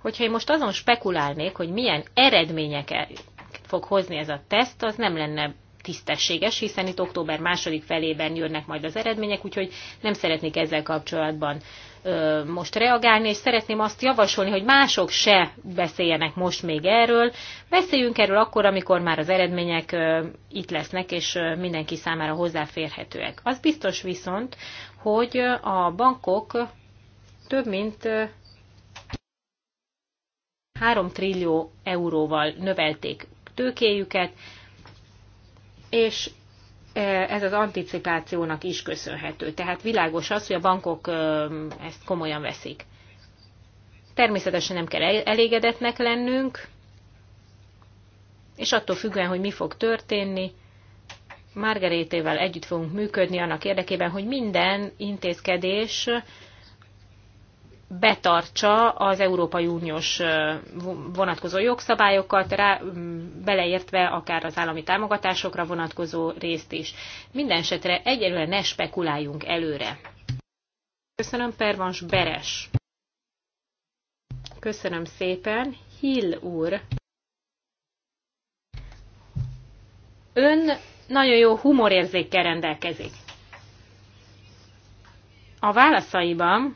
Hogyha én most azon spekulálnék, hogy milyen eredmények fog hozni ez a teszt, az nem lenne tisztességes, hiszen itt október második felében jönnek majd az eredmények, úgyhogy nem szeretnék ezzel kapcsolatban ö, most reagálni, és szeretném azt javasolni, hogy mások se beszéljenek most még erről. Beszéljünk erről akkor, amikor már az eredmények ö, itt lesznek, és ö, mindenki számára hozzáférhetőek. Az biztos viszont, hogy a bankok több mint ö, 3 trillió euróval növelték tőkéjüket, és e, ez az anticipációnak is köszönhető. Tehát világos az, hogy a bankok e, ezt komolyan veszik. Természetesen nem kell elégedetnek lennünk, és attól függően, hogy mi fog történni, Margarétével együtt fogunk működni annak érdekében, hogy minden intézkedés betartsa az Európai Uniós vonatkozó jogszabályokat, rá, beleértve akár az állami támogatásokra vonatkozó részt is. Minden esetre egyelőre ne spekuláljunk előre. Köszönöm, Pervans Beres. Köszönöm szépen. Hill úr. Ön nagyon jó humorérzékkel rendelkezik. A válaszaiban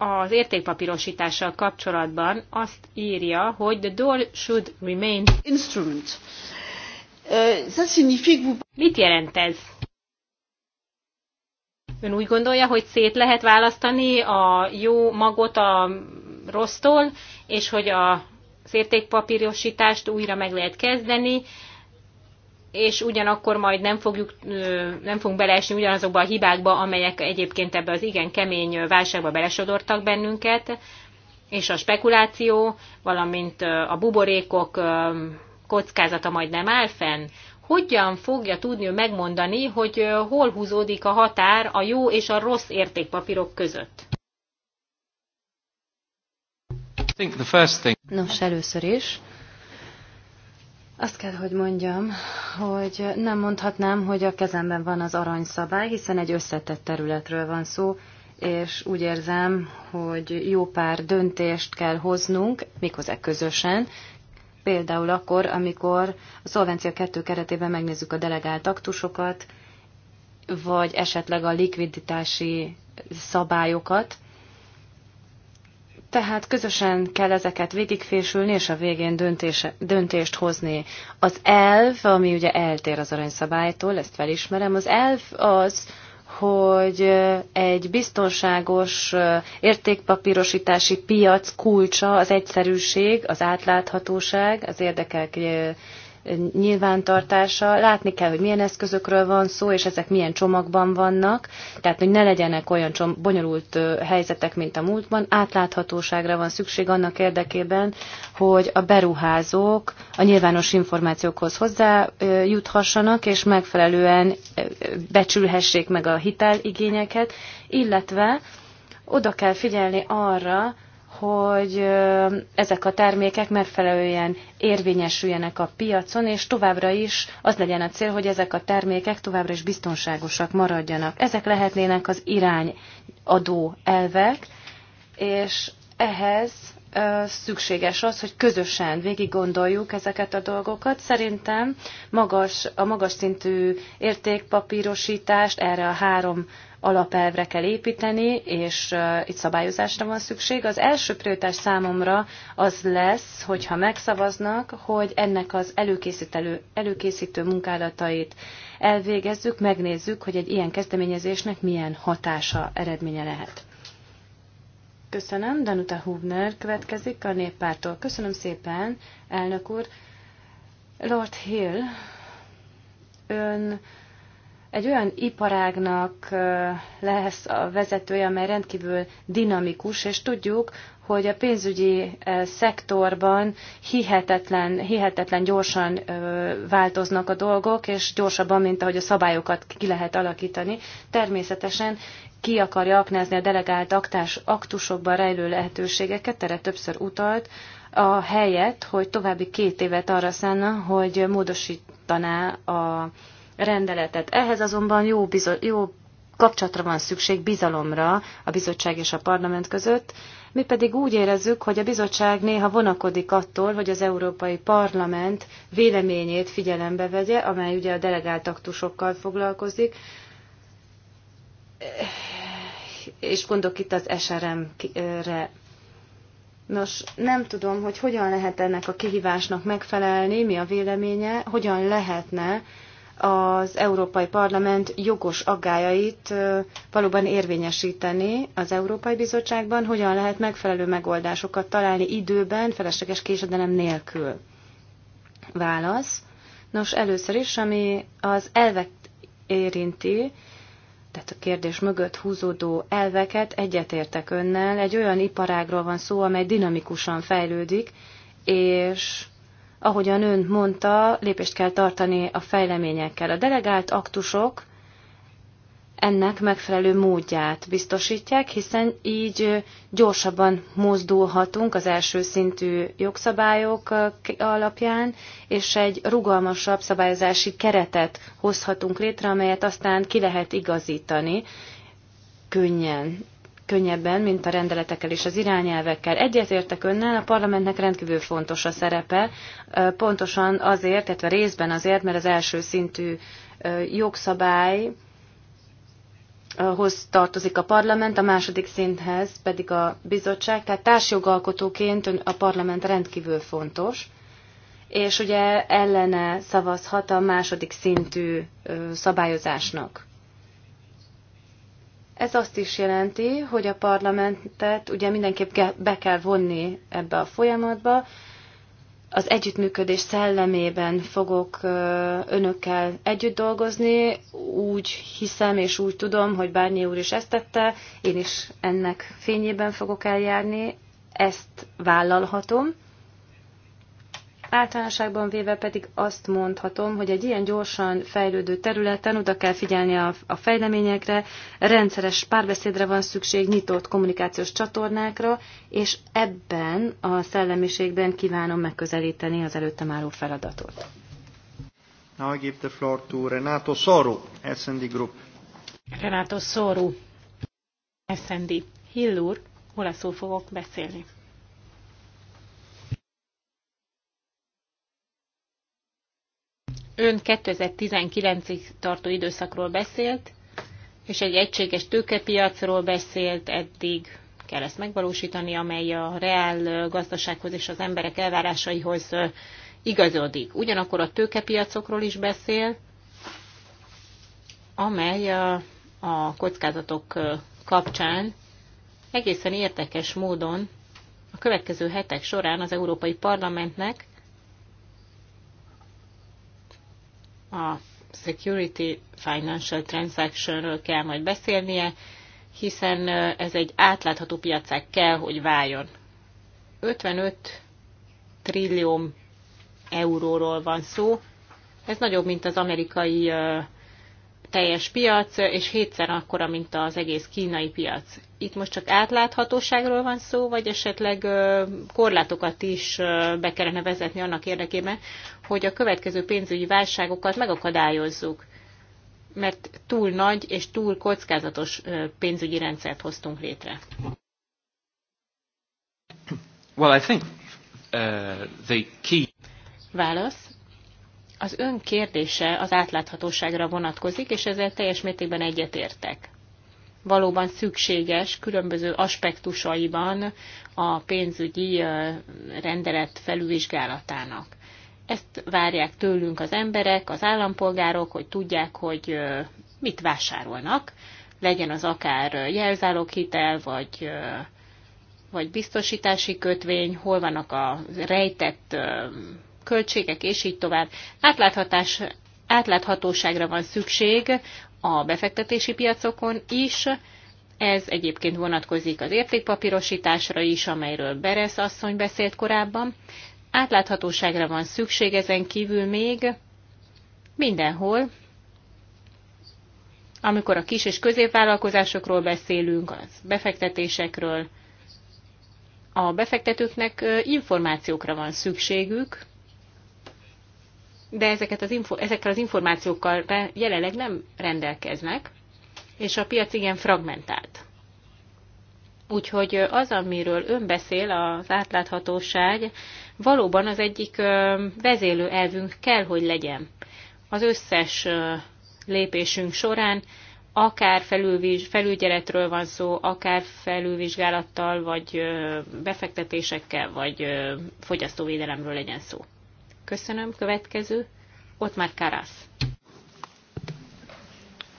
az értékpapírosítással kapcsolatban azt írja, hogy the door should remain instrument. Mit jelent ez? Ön úgy gondolja, hogy szét lehet választani a jó magot a rossztól, és hogy a értékpapírosítást újra meg lehet kezdeni, és ugyanakkor majd nem, fogjuk, nem fogunk beleesni ugyanazokba a hibákba, amelyek egyébként ebbe az igen kemény válságba belesodortak bennünket, és a spekuláció, valamint a buborékok kockázata majd nem áll fenn, hogyan fogja tudni megmondani, hogy hol húzódik a határ a jó és a rossz értékpapírok között? Nos, először is azt kell, hogy mondjam, hogy nem mondhatnám, hogy a kezemben van az aranyszabály, hiszen egy összetett területről van szó, és úgy érzem, hogy jó pár döntést kell hoznunk, méghozzá közösen, például akkor, amikor a Szolvencia 2 keretében megnézzük a delegált aktusokat, vagy esetleg a likviditási szabályokat, tehát közösen kell ezeket végigfésülni, és a végén döntése, döntést hozni. Az elv, ami ugye eltér az aranyszabálytól, ezt felismerem, az elv az, hogy egy biztonságos értékpapírosítási piac kulcsa az egyszerűség, az átláthatóság, az érdekek nyilvántartása, látni kell, hogy milyen eszközökről van szó, és ezek milyen csomagban vannak, tehát hogy ne legyenek olyan csom- bonyolult helyzetek, mint a múltban. Átláthatóságra van szükség annak érdekében, hogy a beruházók a nyilvános információkhoz hozzájuthassanak, és megfelelően becsülhessék meg a hiteligényeket, illetve oda kell figyelni arra, hogy ezek a termékek megfelelően érvényesüljenek a piacon, és továbbra is az legyen a cél, hogy ezek a termékek továbbra is biztonságosak maradjanak. Ezek lehetnének az irányadó elvek, és ehhez szükséges az, hogy közösen végig gondoljuk ezeket a dolgokat. Szerintem magas, a magas szintű értékpapírosítást erre a három alapelvre kell építeni, és itt szabályozásra van szükség. Az első prioritás számomra az lesz, hogyha megszavaznak, hogy ennek az előkészítő, előkészítő munkálatait elvégezzük, megnézzük, hogy egy ilyen kezdeményezésnek milyen hatása, eredménye lehet. Köszönöm. Danuta Hubner következik a néppártól. Köszönöm szépen, elnök úr. Lord Hill, ön egy olyan iparágnak lesz a vezetője, amely rendkívül dinamikus, és tudjuk, hogy a pénzügyi szektorban hihetetlen, hihetetlen gyorsan változnak a dolgok, és gyorsabban, mint ahogy a szabályokat ki lehet alakítani. Természetesen ki akarja aknázni a delegált aktás aktusokban rejlő lehetőségeket, erre többször utalt, a helyet, hogy további két évet arra szánna, hogy módosítaná a rendeletet. Ehhez azonban jó, bizo- jó kapcsolatra van szükség, bizalomra a bizottság és a parlament között. Mi pedig úgy érezzük, hogy a bizottság néha vonakodik attól, hogy az Európai Parlament véleményét figyelembe vegye, amely ugye a delegált aktusokkal foglalkozik, és gondok itt az SRM-re. Nos, nem tudom, hogy hogyan lehet ennek a kihívásnak megfelelni, mi a véleménye, hogyan lehetne uh, az Európai Parlament jogos aggájait valóban érvényesíteni az Európai Bizottságban, hogyan lehet megfelelő megoldásokat találni időben, felesleges késedelem nélkül. Válasz. Nos, először is, ami az elvek érinti, tehát a kérdés mögött húzódó elveket egyetértek önnel. Egy olyan iparágról van szó, amely dinamikusan fejlődik, és ahogyan ön mondta, lépést kell tartani a fejleményekkel. A delegált aktusok ennek megfelelő módját biztosítják, hiszen így gyorsabban mozdulhatunk az első szintű jogszabályok alapján, és egy rugalmasabb szabályozási keretet hozhatunk létre, amelyet aztán ki lehet igazítani könnyen könnyebben, mint a rendeletekkel és az irányelvekkel. Egyetértek önnel, a parlamentnek rendkívül fontos a szerepe, pontosan azért, illetve részben azért, mert az első szintű jogszabály hoz tartozik a parlament, a második szinthez pedig a bizottság, tehát társjogalkotóként a parlament rendkívül fontos, és ugye ellene szavazhat a második szintű szabályozásnak. Ez azt is jelenti, hogy a parlamentet ugye mindenképp be kell vonni ebbe a folyamatba. Az együttműködés szellemében fogok önökkel együtt dolgozni. Úgy hiszem és úgy tudom, hogy Bárnyi úr is ezt tette, én is ennek fényében fogok eljárni. Ezt vállalhatom. Általánosságban véve pedig azt mondhatom, hogy egy ilyen gyorsan fejlődő területen oda kell figyelni a, a fejleményekre, rendszeres párbeszédre van szükség, nyitott kommunikációs csatornákra, és ebben a szellemiségben kívánom megközelíteni az előttem álló feladatot. Now I give the floor to Renato Soru, S&D Group. Renato Soru, S&D. Hillur, szó fogok beszélni. Ön 2019-ig tartó időszakról beszélt, és egy egységes tőkepiacról beszélt eddig, kell ezt megvalósítani, amely a reál gazdasághoz és az emberek elvárásaihoz igazodik. Ugyanakkor a tőkepiacokról is beszél, amely a a kockázatok kapcsán egészen érdekes módon a következő hetek során az Európai Parlamentnek a Security Financial Transactionről kell majd beszélnie, hiszen ez egy átlátható piacák kell, hogy váljon. 55 trillió euróról van szó, ez nagyobb, mint az amerikai teljes piac, és hétszer akkora, mint az egész kínai piac. Itt most csak átláthatóságról van szó, vagy esetleg korlátokat is be kellene vezetni annak érdekében, hogy a következő pénzügyi válságokat megakadályozzuk, mert túl nagy és túl kockázatos pénzügyi rendszert hoztunk létre. Well, I think, uh, the key... Válasz. Az ön kérdése az átláthatóságra vonatkozik, és ezzel teljes mértékben egyetértek. Valóban szükséges különböző aspektusaiban a pénzügyi rendelet felülvizsgálatának. Ezt várják tőlünk az emberek, az állampolgárok, hogy tudják, hogy mit vásárolnak, legyen az akár jelzáloghitel, vagy, vagy biztosítási kötvény, hol vannak a rejtett költségek, és így tovább. Átláthatás, átláthatóságra van szükség a befektetési piacokon is, ez egyébként vonatkozik az értékpapírosításra is, amelyről Beresz asszony beszélt korábban. Átláthatóságra van szükség ezen kívül még mindenhol, amikor a kis és középvállalkozásokról beszélünk, az befektetésekről, a befektetőknek információkra van szükségük, de ezeket az info, ezekkel az információkkal jelenleg nem rendelkeznek, és a piac igen fragmentált. Úgyhogy az, amiről ön beszél, az átláthatóság, valóban az egyik vezélő elvünk kell, hogy legyen. Az összes lépésünk során, akár felügyeletről van szó, akár felülvizsgálattal, vagy befektetésekkel, vagy fogyasztóvédelemről legyen szó. Köszönöm. Következő. Ott már Karász.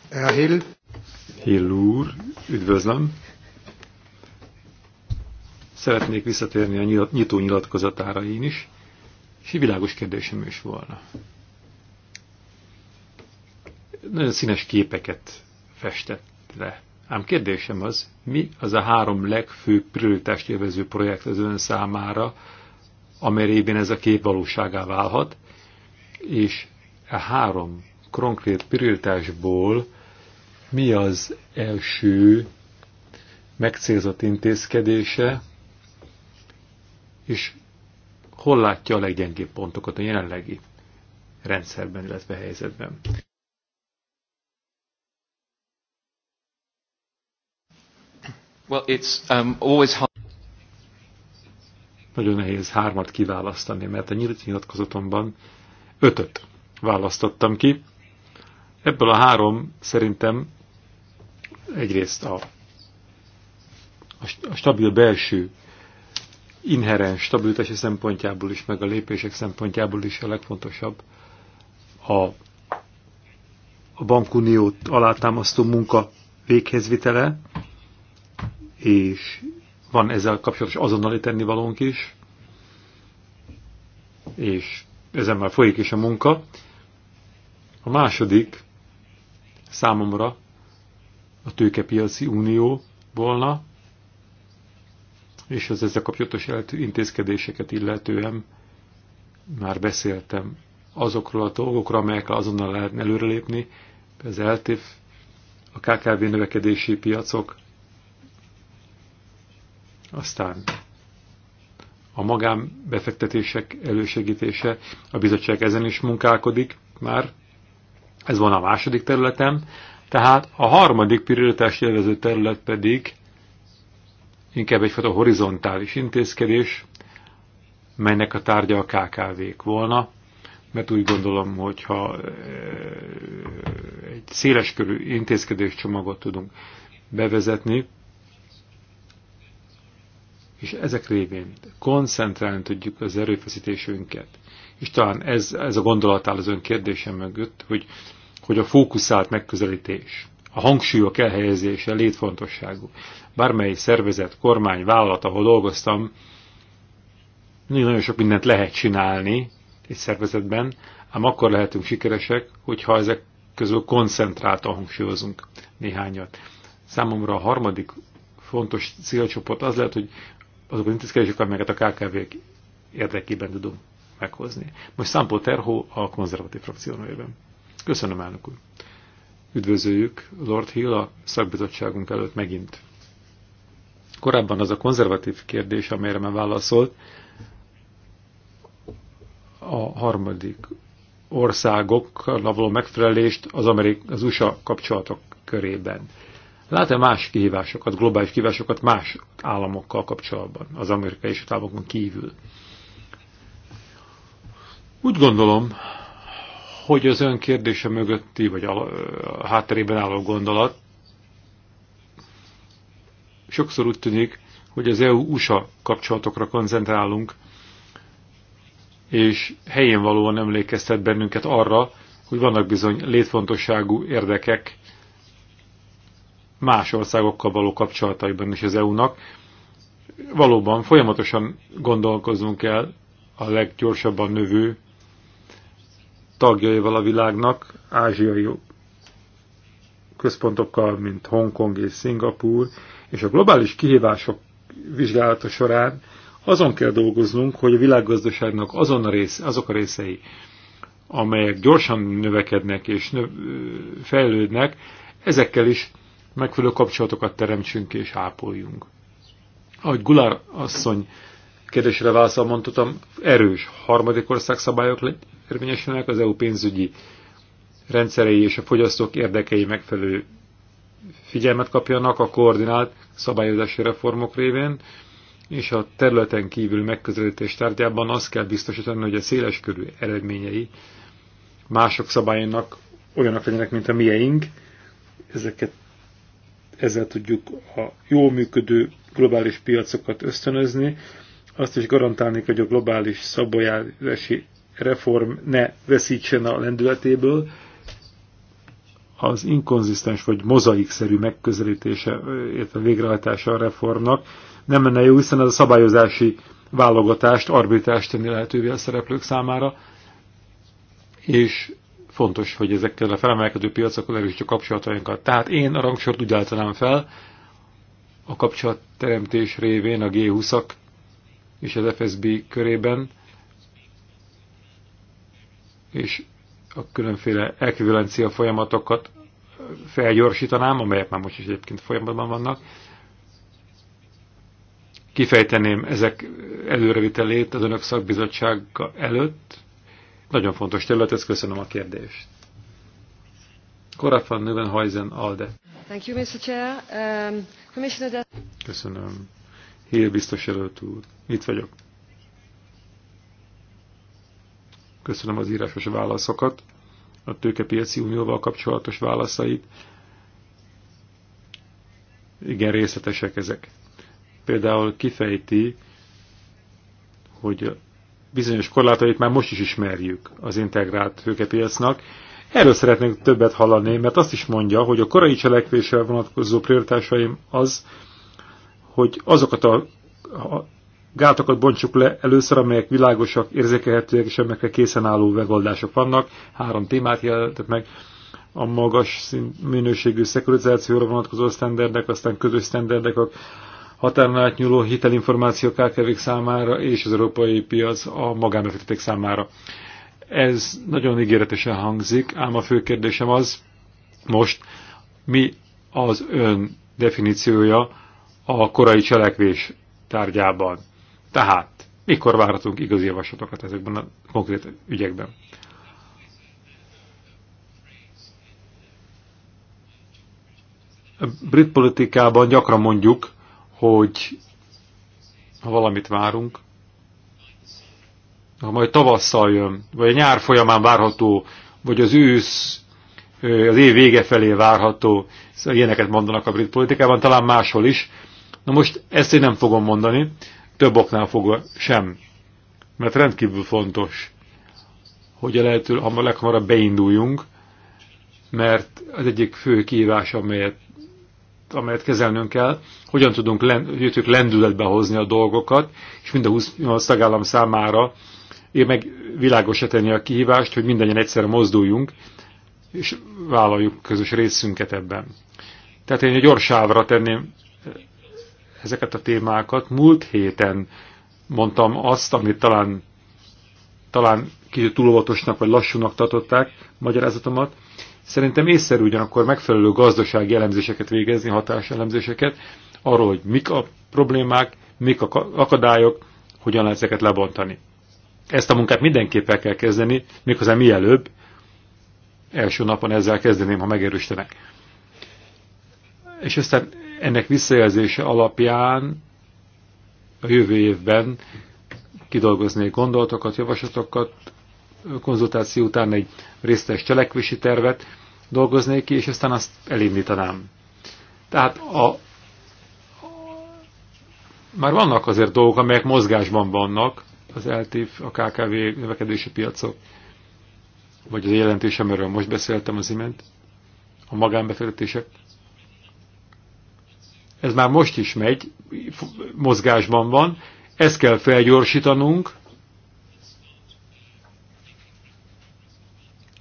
Elhill. Hill úr, üdvözlöm. Szeretnék visszatérni a nyitó nyilatkozatára én is, és világos kérdésem is volna. Nagyon színes képeket festett le. Ám kérdésem az, mi az a három legfőbb prioritást élvező projekt az ön számára, amelyében ez a kép valóságá válhat, és a három konkrét prioritásból mi az első megcélzott intézkedése, és hol látja a leggyengébb pontokat a jelenlegi rendszerben, illetve helyzetben. Well, it's um, always hard. Nagyon nehéz hármat kiválasztani, mert a nyílt nyilatkozatomban ötöt választottam ki. Ebből a három szerintem egyrészt a, a stabil belső inherens stabilitási szempontjából is, meg a lépések szempontjából is a legfontosabb a, a bankuniót alátámasztó munka véghezvitele, és van ezzel kapcsolatos azonnali tennivalónk is, és ezen már folyik is a munka. A második számomra a tőkepiaci unió volna, és az ezzel kapcsolatos intézkedéseket illetően már beszéltem azokról a dolgokról, amelyekkel azonnal lehetne előrelépni, az LTIF, a KKV növekedési piacok, aztán a magánbefektetések elősegítése, a bizottság ezen is munkálkodik már, ez van a második területem, tehát a harmadik prioritás élvező terület pedig inkább egyfajta horizontális intézkedés, melynek a tárgya a KKV-k volna, mert úgy gondolom, hogyha eh, egy széleskörű intézkedés csomagot tudunk bevezetni, és ezek révén koncentrálni tudjuk az erőfeszítésünket. És talán ez, ez a gondolat áll az ön kérdésem mögött, hogy, hogy a fókuszált megközelítés, a hangsúlyok elhelyezése létfontosságú. Bármely szervezet, kormány, vállalat, ahol dolgoztam, nagyon sok mindent lehet csinálni egy szervezetben, ám akkor lehetünk sikeresek, hogyha ezek közül koncentráltan hangsúlyozunk néhányat. Számomra a harmadik fontos célcsoport az lehet, hogy azok az intézkedések, amelyeket a KKV-k érdekében tudom meghozni. Most Szampó Terhó a konzervatív frakció nevében. Köszönöm, elnök úr. Üdvözöljük Lord Hill a szakbizottságunk előtt megint. Korábban az a konzervatív kérdés, amelyre már válaszolt, a harmadik országok való megfelelést az, Amerik- az USA kapcsolatok körében. Lát-e más kihívásokat, globális kihívásokat más államokkal kapcsolatban, az amerikai és államokon kívül? Úgy gondolom, hogy az ön kérdése mögötti, vagy a hátterében álló gondolat sokszor úgy tűnik, hogy az EU-USA kapcsolatokra koncentrálunk, és helyén valóan emlékeztet bennünket arra, hogy vannak bizony létfontosságú érdekek, más országokkal való kapcsolataiban is az EU-nak. Valóban folyamatosan gondolkozunk el a leggyorsabban növő tagjaival a világnak, ázsiai központokkal, mint Hongkong és Szingapúr, és a globális kihívások vizsgálata során azon kell dolgoznunk, hogy a világgazdaságnak azon a rész azok a részei, amelyek gyorsan növekednek és növ, fejlődnek, ezekkel is megfelelő kapcsolatokat teremtsünk és ápoljunk. Ahogy Gulár asszony kérdésre válaszol mondhatom, erős harmadik ország szabályok érvényesülnek az EU pénzügyi rendszerei és a fogyasztók érdekei megfelelő figyelmet kapjanak a koordinált szabályozási reformok révén, és a területen kívül megközelítés tárgyában azt kell biztosítani, hogy a széles körű eredményei mások szabályainak olyanok legyenek, mint a mieink, ezeket ezzel tudjuk a jól működő globális piacokat ösztönözni, azt is garantálni, hogy a globális szabályozási reform ne veszítsen a lendületéből, az inkonzisztens vagy mozaikszerű megközelítése, illetve végrehajtása a reformnak nem lenne jó, hiszen ez a szabályozási válogatást, arbitrást tenni lehetővé a szereplők számára, és fontos, hogy ezekkel a felemelkedő piacokkal erősítsük kapcsolatainkat. Tehát én a rangsort úgy állítanám fel, a kapcsolatteremtés révén a G20-ak és az FSB körében, és a különféle ekvivalencia folyamatokat felgyorsítanám, amelyek már most is egyébként folyamatban vannak. Kifejteném ezek előrevitelét az önök szakbizottsága előtt, nagyon fontos terület, ezt köszönöm a kérdést. Korábban növen Hajzen ALDE. Thank you, Mr. Chair. Um, Commissioner Köszönöm. Hél biztos előtt úr. Itt vagyok. Köszönöm az írásos válaszokat, a tőkepiaci unióval kapcsolatos válaszait. Igen, részletesek ezek. Például kifejti, hogy bizonyos korlátait már most is ismerjük az integrált tőkepiacnak. Erről szeretnék többet hallani, mert azt is mondja, hogy a korai cselekvéssel vonatkozó prioritásaim az, hogy azokat a, a gátokat bontsuk le először, amelyek világosak, érzékelhetőek és amelyekre készen álló megoldások vannak. Három témát jelentett meg, a magas minőségű szekurizációra vonatkozó sztenderdek, aztán közös sztenderdek a határon átnyúló hitelinformációk kkv számára és az európai piac a magánbefektetők számára. Ez nagyon ígéretesen hangzik, ám a fő kérdésem az most, mi az ön definíciója a korai cselekvés tárgyában? Tehát, mikor várhatunk igazi javaslatokat ezekben a konkrét ügyekben? A brit politikában gyakran mondjuk, hogy ha valamit várunk, ha majd tavasszal jön, vagy a nyár folyamán várható, vagy az ősz, az év vége felé várható, szóval ilyeneket mondanak a brit politikában, talán máshol is. Na most ezt én nem fogom mondani, több oknál fogva sem, mert rendkívül fontos, hogy a lehető leghamarabb beinduljunk, mert az egyik fő kihívás, amelyet amelyet kezelnünk kell, hogyan tudunk lend, lendületbe hozni a dolgokat, és mind a 28 tagállam számára én meg világosra tenni a kihívást, hogy mindannyian egyszerre mozduljunk, és vállaljuk közös részünket ebben. Tehát én egy gyorsávra tenném ezeket a témákat. Múlt héten mondtam azt, amit talán, talán kicsit túlóvatosnak vagy lassúnak tartották magyarázatomat, Szerintem észszerű ugyanakkor megfelelő gazdasági elemzéseket végezni, hatáselemzéseket, arról, hogy mik a problémák, mik a akadályok, hogyan lehet ezeket lebontani. Ezt a munkát mindenképp el kell kezdeni, méghozzá mielőbb, első napon ezzel kezdeném, ha megerősítenek. És aztán ennek visszajelzése alapján a jövő évben kidolgozni gondolatokat, javaslatokat, konzultáció után egy részletes cselekvési tervet dolgoznék ki, és aztán azt elindítanám. Tehát a, már vannak azért dolgok, amelyek mozgásban vannak, az LTIF, a KKV növekedési piacok, vagy az jelentés, amiről most beszéltem az imént, a magánbefektetések. Ez már most is megy, mozgásban van, ezt kell felgyorsítanunk,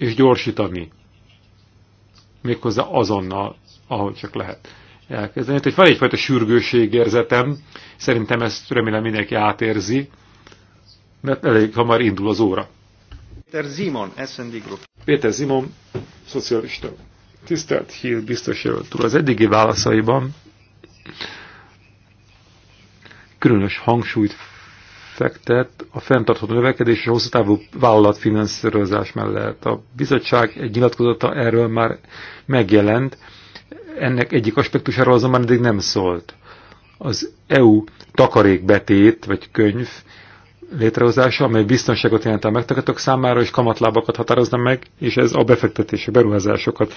és gyorsítani. Méghozzá azonnal, ahogy csak lehet elkezdeni. Tehát van egyfajta sürgőségérzetem, szerintem ezt remélem mindenki átérzi, mert elég hamar indul az óra. Péter Zimon, SND Group. Péter Zimon, szocialista. Tisztelt Hill biztos jelölt az eddigi válaszaiban különös hangsúlyt fektet a fenntartható növekedés és hosszú távú vállalatfinanszírozás mellett. A bizottság egy nyilatkozata erről már megjelent, ennek egyik aspektusáról azonban eddig nem szólt. Az EU takarékbetét vagy könyv létrehozása, amely biztonságot jelent a megtakarítók számára, és kamatlábakat határozna meg, és ez a befektetési beruházásokat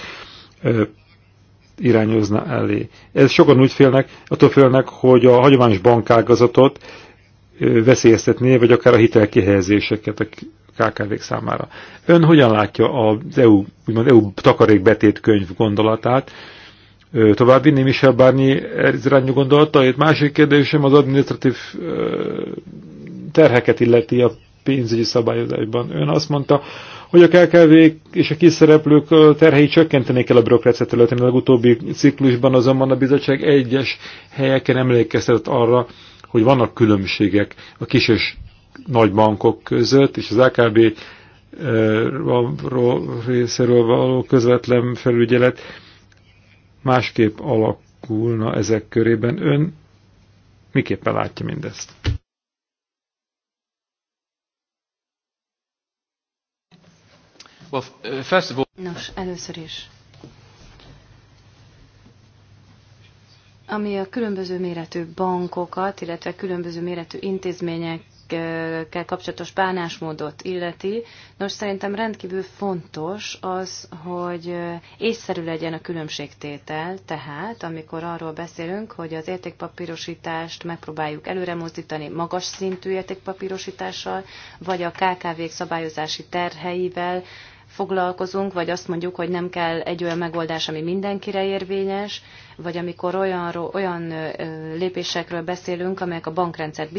irányozna elé. Ez sokan úgy félnek, attól félnek, hogy a hagyományos bankágazatot veszélyeztetné, vagy akár a hitelkihelyezéseket a KKV-k számára. Ön hogyan látja az EU, úgymond EU takarékbetét könyv gondolatát? További némi Michel Barnier ez gondolata, egy Másik kérdésem az administratív terheket illeti a pénzügyi szabályozásban. Ön azt mondta, hogy a kkv és a szereplők terhei csökkentenék el a bürokrácia területén. A legutóbbi ciklusban azonban a bizottság egyes helyeken emlékeztetett arra, hogy vannak különbségek a kis és nagy bankok között, és az AKB eh, részéről való közvetlen felügyelet másképp alakulna ezek körében. Ön miképpen látja mindezt? Eh, Nos, először is ami a különböző méretű bankokat, illetve különböző méretű intézményekkel kapcsolatos bánásmódot illeti. Nos, szerintem rendkívül fontos az, hogy észszerű legyen a különbségtétel, tehát amikor arról beszélünk, hogy az értékpapírosítást megpróbáljuk előre mozdítani magas szintű értékpapírosítással, vagy a KKV-k szabályozási terheivel foglalkozunk, vagy azt mondjuk, hogy nem kell egy olyan megoldás, ami mindenkire érvényes, vagy amikor olyan, olyan lépésekről beszélünk, amelyek a bankrendszert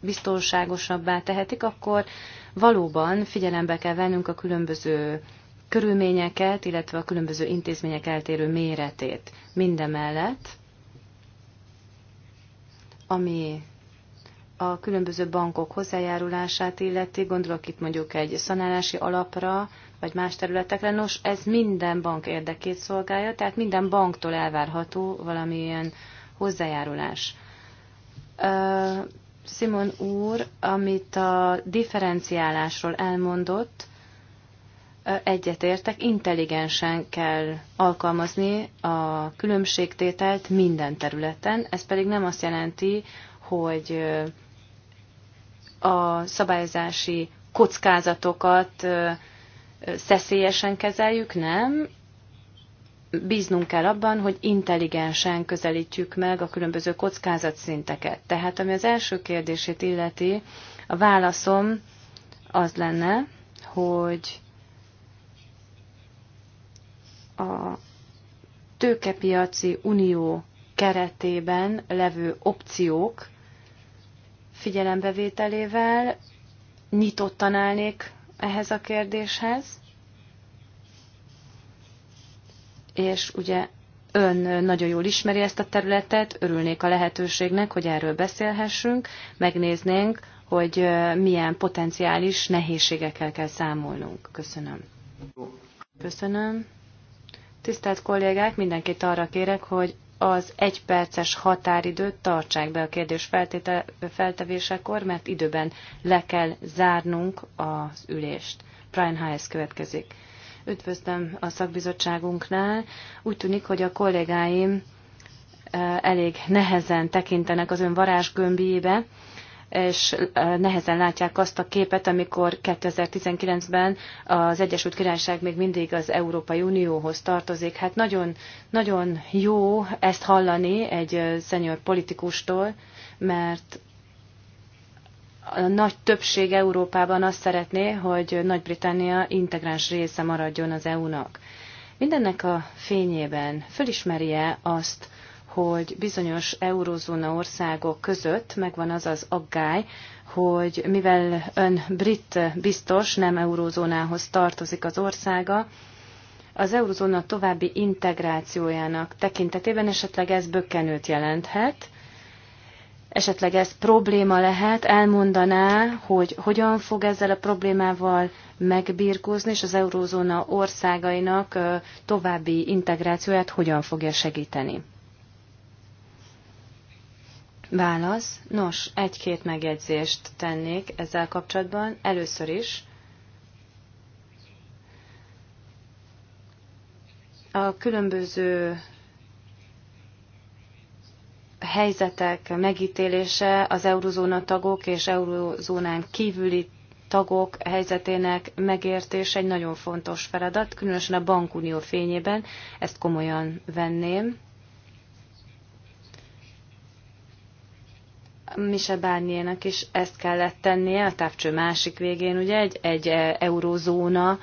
biztonságosabbá tehetik, akkor valóban figyelembe kell vennünk a különböző körülményeket, illetve a különböző intézmények eltérő méretét. Mindemellett, ami a különböző bankok hozzájárulását illeti, gondolok itt mondjuk egy szanálási alapra, vagy más területekre. Nos, ez minden bank érdekét szolgálja, tehát minden banktól elvárható valamilyen hozzájárulás. Simon úr, amit a differenciálásról elmondott, egyetértek, intelligensen kell alkalmazni a különbségtételt minden területen, ez pedig nem azt jelenti, hogy a szabályozási kockázatokat szeszélyesen kezeljük, nem. Bíznunk kell abban, hogy intelligensen közelítjük meg a különböző kockázatszinteket. Tehát ami az első kérdését illeti, a válaszom az lenne, hogy a tőkepiaci unió keretében levő opciók figyelembevételével. Nyitottan állnék ehhez a kérdéshez. És ugye ön nagyon jól ismeri ezt a területet, örülnék a lehetőségnek, hogy erről beszélhessünk, megnéznénk, hogy milyen potenciális nehézségekkel kell számolnunk. Köszönöm. Köszönöm. Tisztelt kollégák, mindenkit arra kérek, hogy az egyperces határidőt tartsák be a kérdés feltevésekor, mert időben le kell zárnunk az ülést. Brian Hayes következik. Üdvözlöm a szakbizottságunknál. Úgy tűnik, hogy a kollégáim eh, elég nehezen tekintenek az ön varázsgömbjébe, és nehezen látják azt a képet, amikor 2019-ben az Egyesült Királyság még mindig az Európai Unióhoz tartozik. Hát nagyon, nagyon jó ezt hallani egy szenyor politikustól, mert a nagy többség Európában azt szeretné, hogy Nagy-Britannia integráns része maradjon az EU-nak. Mindennek a fényében fölismerje azt, hogy bizonyos eurozóna országok között megvan az az aggály, hogy mivel ön brit biztos nem eurozónához tartozik az országa, az eurozóna további integrációjának tekintetében esetleg ez bökkenőt jelenthet, esetleg ez probléma lehet, elmondaná, hogy hogyan fog ezzel a problémával megbírkózni, és az eurózóna országainak további integrációját hogyan fogja segíteni. Válasz. Nos, egy-két megjegyzést tennék ezzel kapcsolatban. Először is a különböző helyzetek megítélése az eurozóna tagok és eurozónán kívüli tagok helyzetének megértése egy nagyon fontos feladat, különösen a bankunió fényében, ezt komolyan venném. Mise Bárnyénak is ezt kellett tennie, a távcső másik végén ugye egy, egy e, eurózóna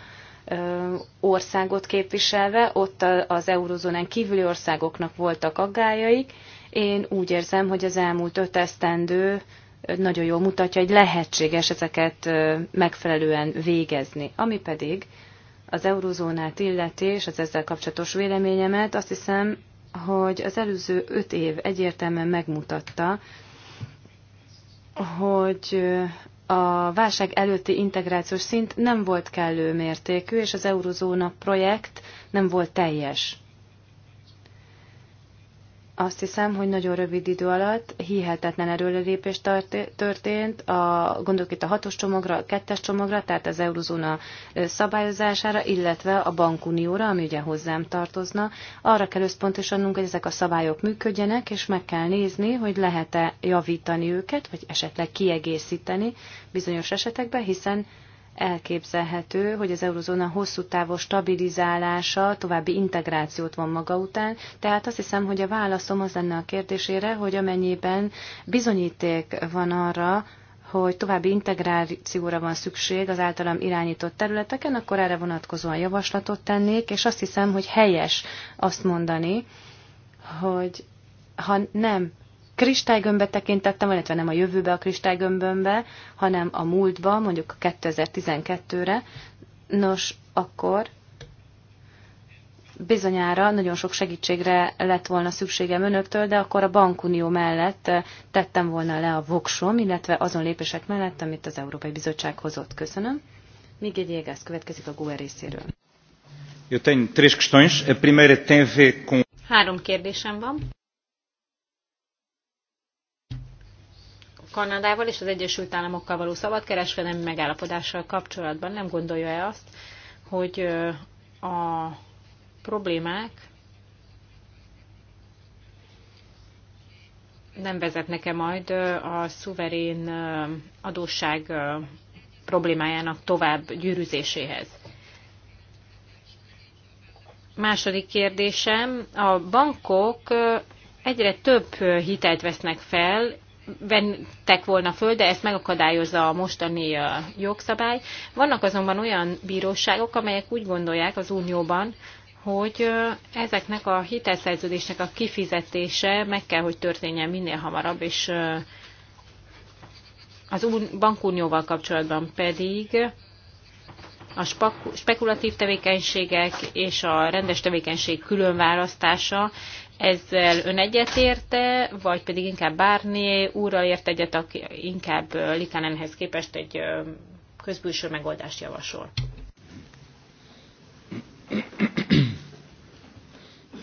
országot képviselve, ott az eurózónán kívüli országoknak voltak aggájaik. Én úgy érzem, hogy az elmúlt öt esztendő nagyon jól mutatja, hogy lehetséges ezeket megfelelően végezni. Ami pedig az eurozónát illeti, és az ezzel kapcsolatos véleményemet, azt hiszem, hogy az előző öt év egyértelműen megmutatta, hogy a válság előtti integrációs szint nem volt kellő mértékű, és az eurozóna projekt nem volt teljes azt hiszem, hogy nagyon rövid idő alatt hihetetlen erőrelépés történt. A, gondolok itt a hatos csomagra, a kettes csomagra, tehát az eurozóna szabályozására, illetve a bankunióra, ami ugye hozzám tartozna. Arra kell összpontosanunk, hogy ezek a szabályok működjenek, és meg kell nézni, hogy lehet-e javítani őket, vagy esetleg kiegészíteni bizonyos esetekben, hiszen elképzelhető, hogy az eurozóna hosszú távos stabilizálása további integrációt von maga után. Tehát azt hiszem, hogy a válaszom az lenne a kérdésére, hogy amennyiben bizonyíték van arra, hogy további integrációra van szükség az általam irányított területeken, akkor erre vonatkozóan javaslatot tennék, és azt hiszem, hogy helyes azt mondani, hogy ha nem kristálygömbbe tekintettem, illetve nem a jövőbe a kristálygömbömbe, hanem a múltba, mondjuk a 2012-re. Nos, akkor bizonyára nagyon sok segítségre lett volna szükségem önöktől, de akkor a bankunió mellett tettem volna le a voksom, illetve azon lépések mellett, amit az Európai Bizottság hozott. Köszönöm. Még egy égász következik a GUE részéről. Három kérdésem van. Kanadával és az Egyesült Államokkal való szabadkereskedelmi megállapodással kapcsolatban nem gondolja-e azt, hogy a problémák nem vezetnek-e majd a szuverén adósság problémájának tovább gyűrűzéséhez. Második kérdésem, a bankok egyre több hitelt vesznek fel, vettek volna föl, de ezt megakadályozza a mostani jogszabály. Vannak azonban olyan bíróságok, amelyek úgy gondolják az Unióban, hogy ezeknek a hitelszerződésnek a kifizetése meg kell, hogy történjen minél hamarabb, és az bankunióval kapcsolatban pedig a spekulatív tevékenységek és a rendes tevékenység különválasztása ezzel ön egyetérte, vagy pedig inkább bárni úrral ért egyet, aki inkább Likanenhez képest egy közbűső megoldást javasol?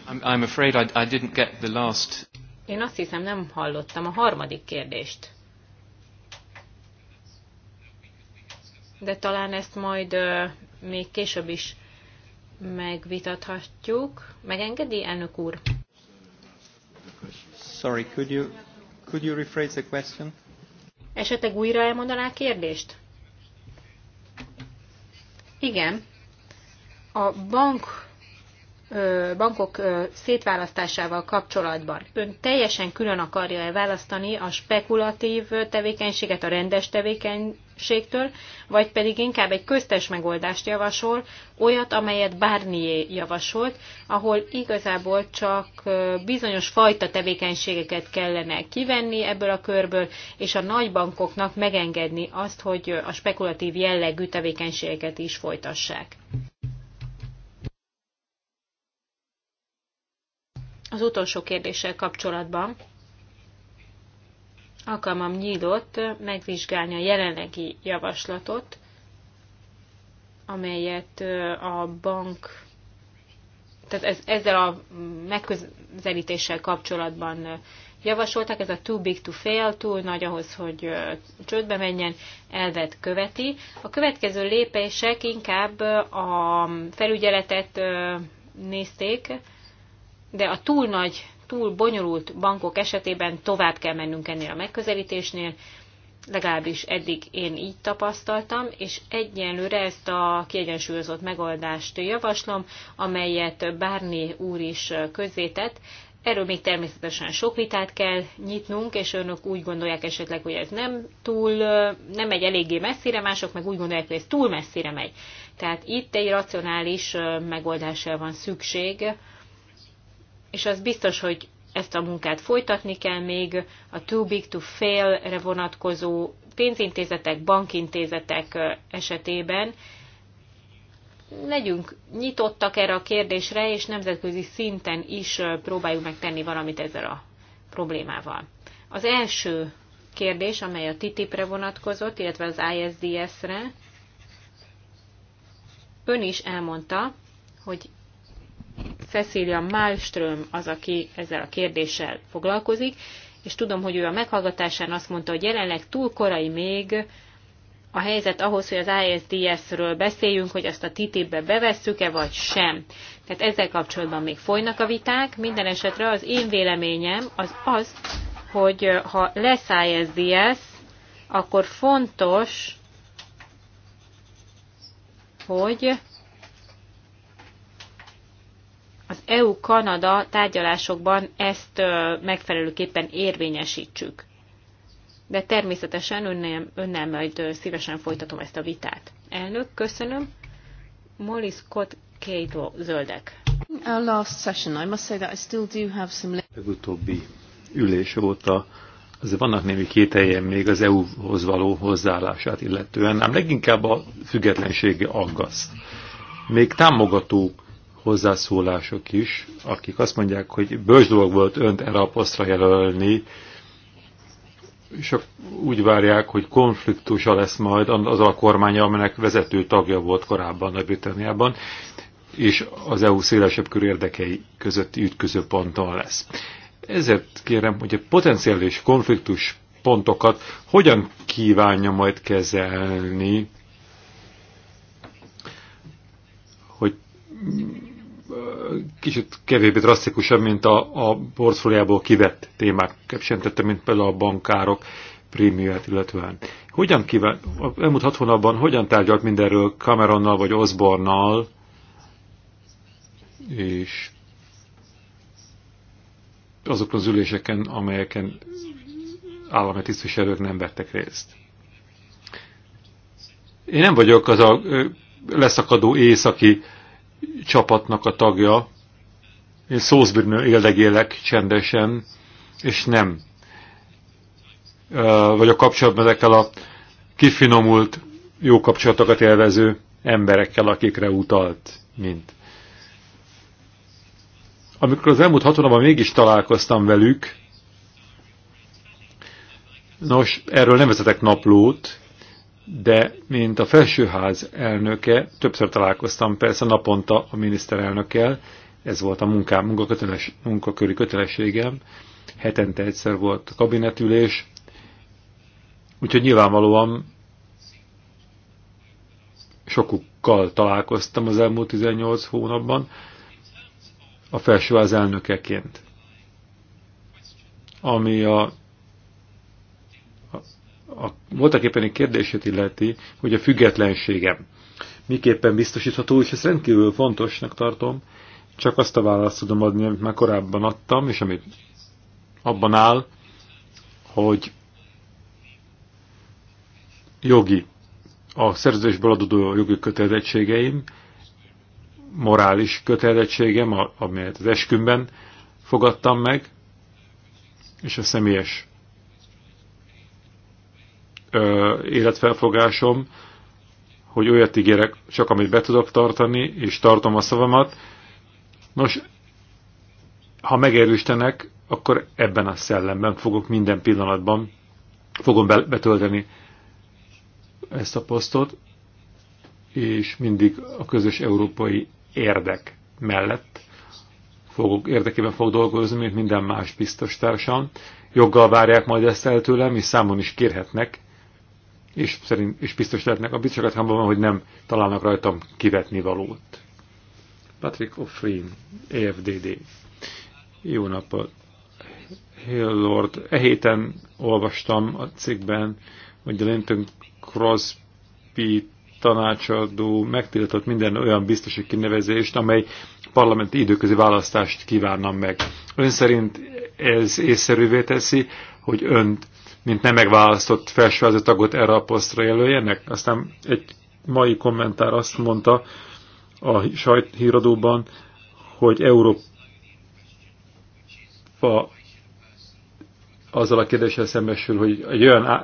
I'm afraid I, I didn't get the last... Én azt hiszem, nem hallottam a harmadik kérdést. De talán ezt majd uh, még később is megvitathatjuk. Megengedi, elnök úr? Sorry, could you, could you rephrase the question? Esetleg újra elmondaná a kérdést? Igen. A bank bankok szétválasztásával kapcsolatban. Ön teljesen külön akarja elválasztani a spekulatív tevékenységet a rendes tevékenységtől, vagy pedig inkább egy köztes megoldást javasol, olyat, amelyet Barnier javasolt, ahol igazából csak bizonyos fajta tevékenységeket kellene kivenni ebből a körből, és a nagy bankoknak megengedni azt, hogy a spekulatív jellegű tevékenységeket is folytassák. Az utolsó kérdéssel kapcsolatban alkalmam nyílott megvizsgálni a jelenlegi javaslatot, amelyet a bank, tehát ez, ezzel a megközelítéssel kapcsolatban javasoltak, ez a too big to fail, túl nagy ahhoz, hogy csődbe menjen, elvet követi. A következő lépések inkább a felügyeletet nézték, de a túl nagy, túl bonyolult bankok esetében tovább kell mennünk ennél a megközelítésnél, legalábbis eddig én így tapasztaltam, és egyenlőre ezt a kiegyensúlyozott megoldást javaslom, amelyet Bárni úr is közzétett. Erről még természetesen sok vitát kell nyitnunk, és önök úgy gondolják esetleg, hogy ez nem túl, nem megy eléggé messzire, mások meg úgy gondolják, hogy ez túl messzire megy. Tehát itt egy racionális megoldásra van szükség, és az biztos, hogy ezt a munkát folytatni kell még a too big to fail-re vonatkozó pénzintézetek, bankintézetek esetében. Legyünk nyitottak erre a kérdésre, és nemzetközi szinten is próbáljuk megtenni valamit ezzel a problémával. Az első kérdés, amely a TTIP-re vonatkozott, illetve az ISDS-re, ön is elmondta, hogy Cecilia Malmström az, aki ezzel a kérdéssel foglalkozik, és tudom, hogy ő a meghallgatásán azt mondta, hogy jelenleg túl korai még a helyzet ahhoz, hogy az ISDS-ről beszéljünk, hogy azt a TTIP-be bevesszük-e vagy sem. Tehát ezzel kapcsolatban még folynak a viták. Minden esetre az én véleményem az az, hogy ha lesz ISDS, akkor fontos, hogy az EU-Kanada tárgyalásokban ezt megfelelőképpen érvényesítsük. De természetesen önnel, önnel majd szívesen folytatom ezt a vitát. Elnök, köszönöm. Molly Scott Cato, zöldek. last session, still do have some... Legutóbbi ülés óta azért vannak némi kételjeim még az EU-hoz való hozzáállását illetően, ám leginkább a függetlensége aggaszt. Még támogatók hozzászólások is, akik azt mondják, hogy bölcs dolog volt önt erre a posztra jelölni, és úgy várják, hogy konfliktusa lesz majd az a kormánya, aminek vezető tagja volt korábban Nagy-Britanniában, és az EU szélesebb kör érdekei közötti ütköző ponton lesz. Ezért kérem, hogy a potenciális konfliktus pontokat hogyan kívánja majd kezelni, hogy kicsit kevésbé drasztikusabb, mint a, a portfóliából kivett témák kepsentette, mint például a bankárok prémiát illetően. Hogyan kíván, elmúlt hat hónapban hogyan tárgyalt mindenről Cameronnal vagy Osbornnal, és azokon az üléseken, amelyeken állami tisztviselők nem vettek részt. Én nem vagyok az a leszakadó északi csapatnak a tagja. Én Szózbűrnő éldegélek csendesen, és nem a kapcsolatban ezekkel a kifinomult, jó kapcsolatokat élvező emberekkel, akikre utalt, mint. Amikor az elmúlt hat mégis találkoztam velük, nos, erről nem vezetek naplót, de mint a felsőház elnöke, többször találkoztam persze naponta a miniszterelnökkel, ez volt a munka munkaköteles, munkaköri kötelességem, hetente egyszer volt kabinetülés, úgyhogy nyilvánvalóan sokukkal találkoztam az elmúlt 18 hónapban a felsőház elnökeként. Ami a a egy kérdését illeti, hogy a függetlenségem miképpen biztosítható, és ezt rendkívül fontosnak tartom, csak azt a választ tudom adni, amit már korábban adtam, és amit abban áll, hogy jogi, a szerződésből adódó jogi kötelezettségeim, morális kötelezettségem, amelyet az eskümben fogadtam meg, és a személyes életfelfogásom, hogy olyat ígérek, csak amit be tudok tartani, és tartom a szavamat. Nos, ha megerőstenek, akkor ebben a szellemben fogok minden pillanatban, fogom betölteni ezt a posztot, és mindig a közös európai érdek mellett fogok, érdekében fog dolgozni, mint minden más biztos társam. Joggal várják majd ezt el tőlem, és számon is kérhetnek és, szerint, és biztos lehetnek a biztosokat hamban, hogy nem találnak rajtam kivetni valót. Patrick O'Flynn, EFDD. Jó napot! Lord. e héten olvastam a cikkben, hogy a Linton Crosby tanácsadó megtiltott minden olyan biztosi kinevezést, amely parlamenti időközi választást kívánna meg. Ön szerint ez észszerűvé teszi, hogy önt mint nem megválasztott felsőházi tagot erre a posztra jelöljenek. Aztán egy mai kommentár azt mondta a sajthíradóban, hogy Európa azzal a kérdéssel szembesül, hogy egy olyan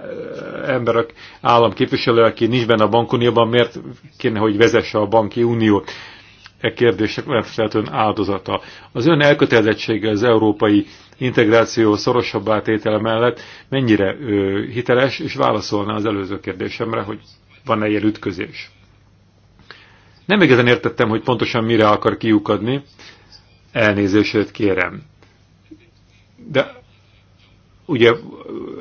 állam képviselő, aki nincs benne a bankunióban, miért kéne, hogy vezesse a banki uniót? E kérdések megfelelően áldozata. Az ön elkötelezettsége az európai integráció szorosabb átétele mellett mennyire ö, hiteles, és válaszolna az előző kérdésemre, hogy van-e ilyen ütközés. Nem igazán értettem, hogy pontosan mire akar kiukadni, elnézését kérem. De ugye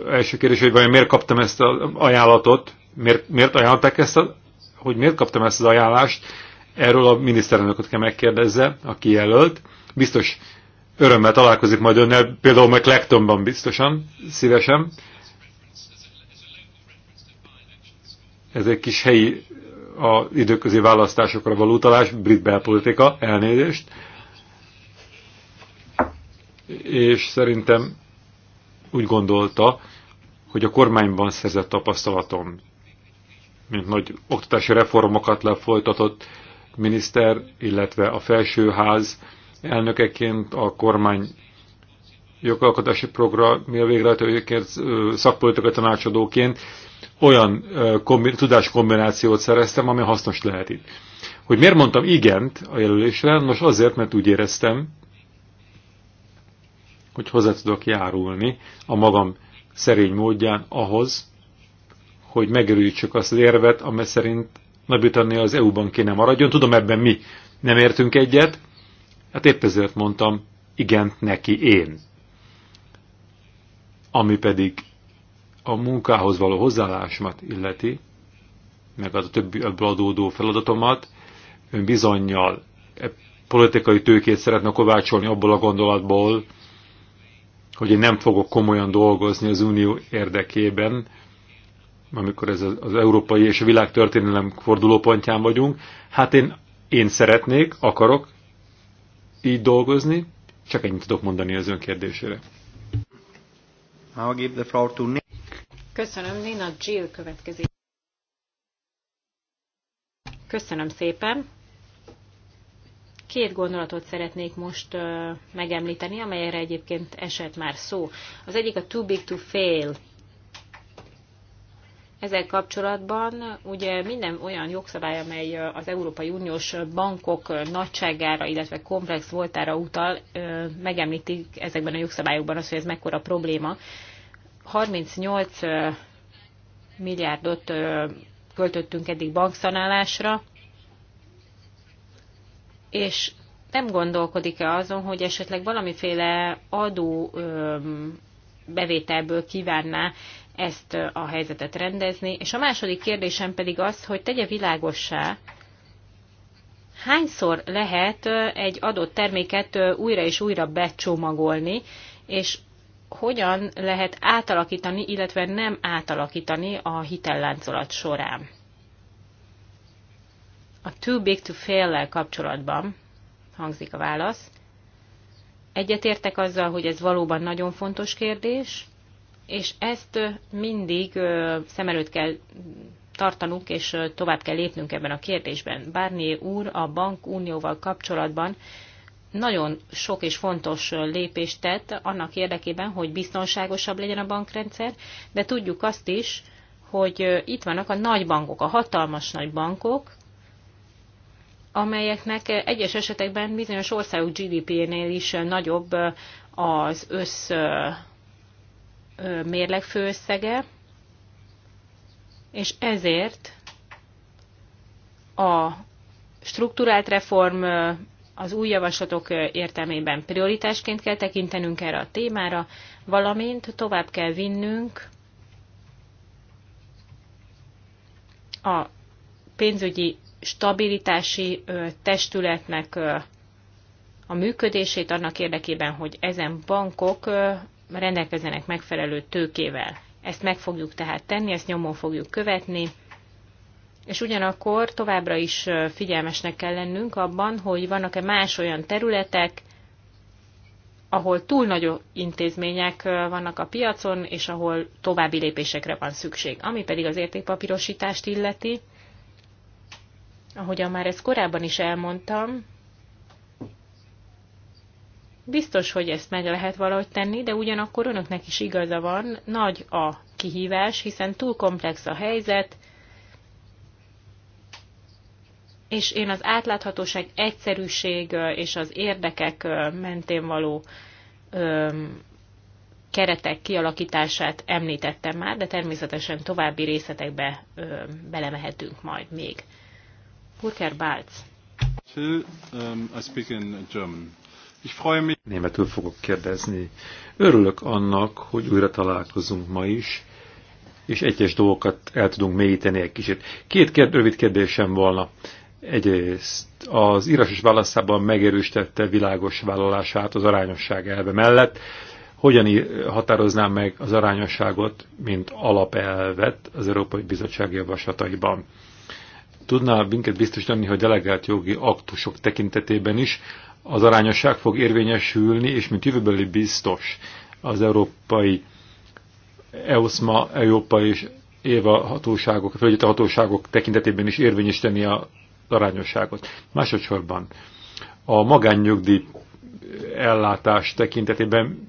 első kérdés, hogy vajon miért kaptam ezt az ajánlatot, miért, miért ajánlották ezt, a, hogy miért kaptam ezt az ajánlást, erről a miniszterelnököt kell megkérdezze, aki jelölt. Biztos örömmel találkozik majd önnel, például meg Clactonban biztosan, szívesen. Ez egy kis helyi a időközi választásokra való utalás, brit belpolitika, elnézést. És szerintem úgy gondolta, hogy a kormányban szerzett tapasztalatom, mint nagy oktatási reformokat lefolytatott miniszter, illetve a felsőház, elnökeként a kormány jogalkotási programja végrehajtójaként, szakpolitikai tanácsadóként olyan kombi, tudáskombinációt szereztem, ami hasznos lehet itt. Hogy miért mondtam igent a jelölésre? Nos azért, mert úgy éreztem, hogy hozzá tudok járulni a magam szerény módján ahhoz, hogy megerősítsük azt az érvet, amely szerint nagy az EU-ban kéne maradjon. Tudom, ebben mi nem értünk egyet, Hát épp ezért mondtam igent neki én. Ami pedig a munkához való hozzáállásomat illeti, meg az a többi ebből adódó feladatomat, ön bizonyal e politikai tőkét szeretne kovácsolni abból a gondolatból, hogy én nem fogok komolyan dolgozni az unió érdekében, amikor ez az európai és a világ történelem fordulópontján vagyunk. Hát én, én szeretnék, akarok dolgozni. Csak ennyit tudok mondani az ön kérdésére. Köszönöm, Nina Jill következik. Köszönöm szépen. Két gondolatot szeretnék most uh, megemlíteni, amelyre egyébként esett már szó. Az egyik a too big to fail ezzel kapcsolatban ugye minden olyan jogszabály, amely az Európai Uniós bankok nagyságára, illetve komplex voltára utal, megemlítik ezekben a jogszabályokban azt, hogy ez mekkora probléma. 38 milliárdot költöttünk eddig bankszanálásra, és nem gondolkodik-e azon, hogy esetleg valamiféle adó bevételből kívánná ezt a helyzetet rendezni. És a második kérdésem pedig az, hogy tegye világossá, hányszor lehet egy adott terméket újra és újra becsomagolni, és hogyan lehet átalakítani, illetve nem átalakítani a hitelláncolat során. A too big to fail-lel kapcsolatban hangzik a válasz. Egyetértek azzal, hogy ez valóban nagyon fontos kérdés, és ezt mindig szem előtt kell tartanunk, és tovább kell lépnünk ebben a kérdésben. Bárné úr a bankunióval kapcsolatban nagyon sok és fontos lépést tett annak érdekében, hogy biztonságosabb legyen a bankrendszer, de tudjuk azt is, hogy itt vannak a nagy bankok, a hatalmas nagy bankok, amelyeknek egyes esetekben bizonyos országok GDP-nél is nagyobb az össz mérleg főösszege, és ezért a struktúrált reform az új javaslatok értelmében prioritásként kell tekintenünk erre a témára, valamint tovább kell vinnünk a pénzügyi stabilitási testületnek a működését annak érdekében, hogy ezen bankok rendelkezzenek megfelelő tőkével. Ezt meg fogjuk tehát tenni, ezt nyomon fogjuk követni, és ugyanakkor továbbra is figyelmesnek kell lennünk abban, hogy vannak-e más olyan területek, ahol túl nagy intézmények vannak a piacon, és ahol további lépésekre van szükség. Ami pedig az értékpapírosítást illeti, ahogyan már ezt korábban is elmondtam, Biztos, hogy ezt meg lehet valahogy tenni, de ugyanakkor önöknek is igaza van, nagy a kihívás, hiszen túl komplex a helyzet, és én az átláthatóság, egyszerűség és az érdekek mentén való keretek kialakítását említettem már, de természetesen további részletekbe belemehetünk majd még. Burker Balz. Um, I speak in German. Ich freue mich. Németül fogok kérdezni. Örülök annak, hogy újra találkozunk ma is, és egyes dolgokat el tudunk mélyíteni egy kicsit. Két kérd, rövid kérdésem volna. Egyrészt az írásos válaszában megerősítette világos vállalását az arányosság elve mellett. Hogyan határoznám meg az arányosságot, mint alapelvet az Európai Bizottság javaslataiban? Tudná minket biztosítani, hogy delegált jogi aktusok tekintetében is az arányosság fog érvényesülni, és mint jövőbeli biztos az európai EOSMA, Európa és Éva hatóságok, a hatóságok tekintetében is érvényesíteni a arányosságot. Másodszorban a magánnyugdíj ellátás tekintetében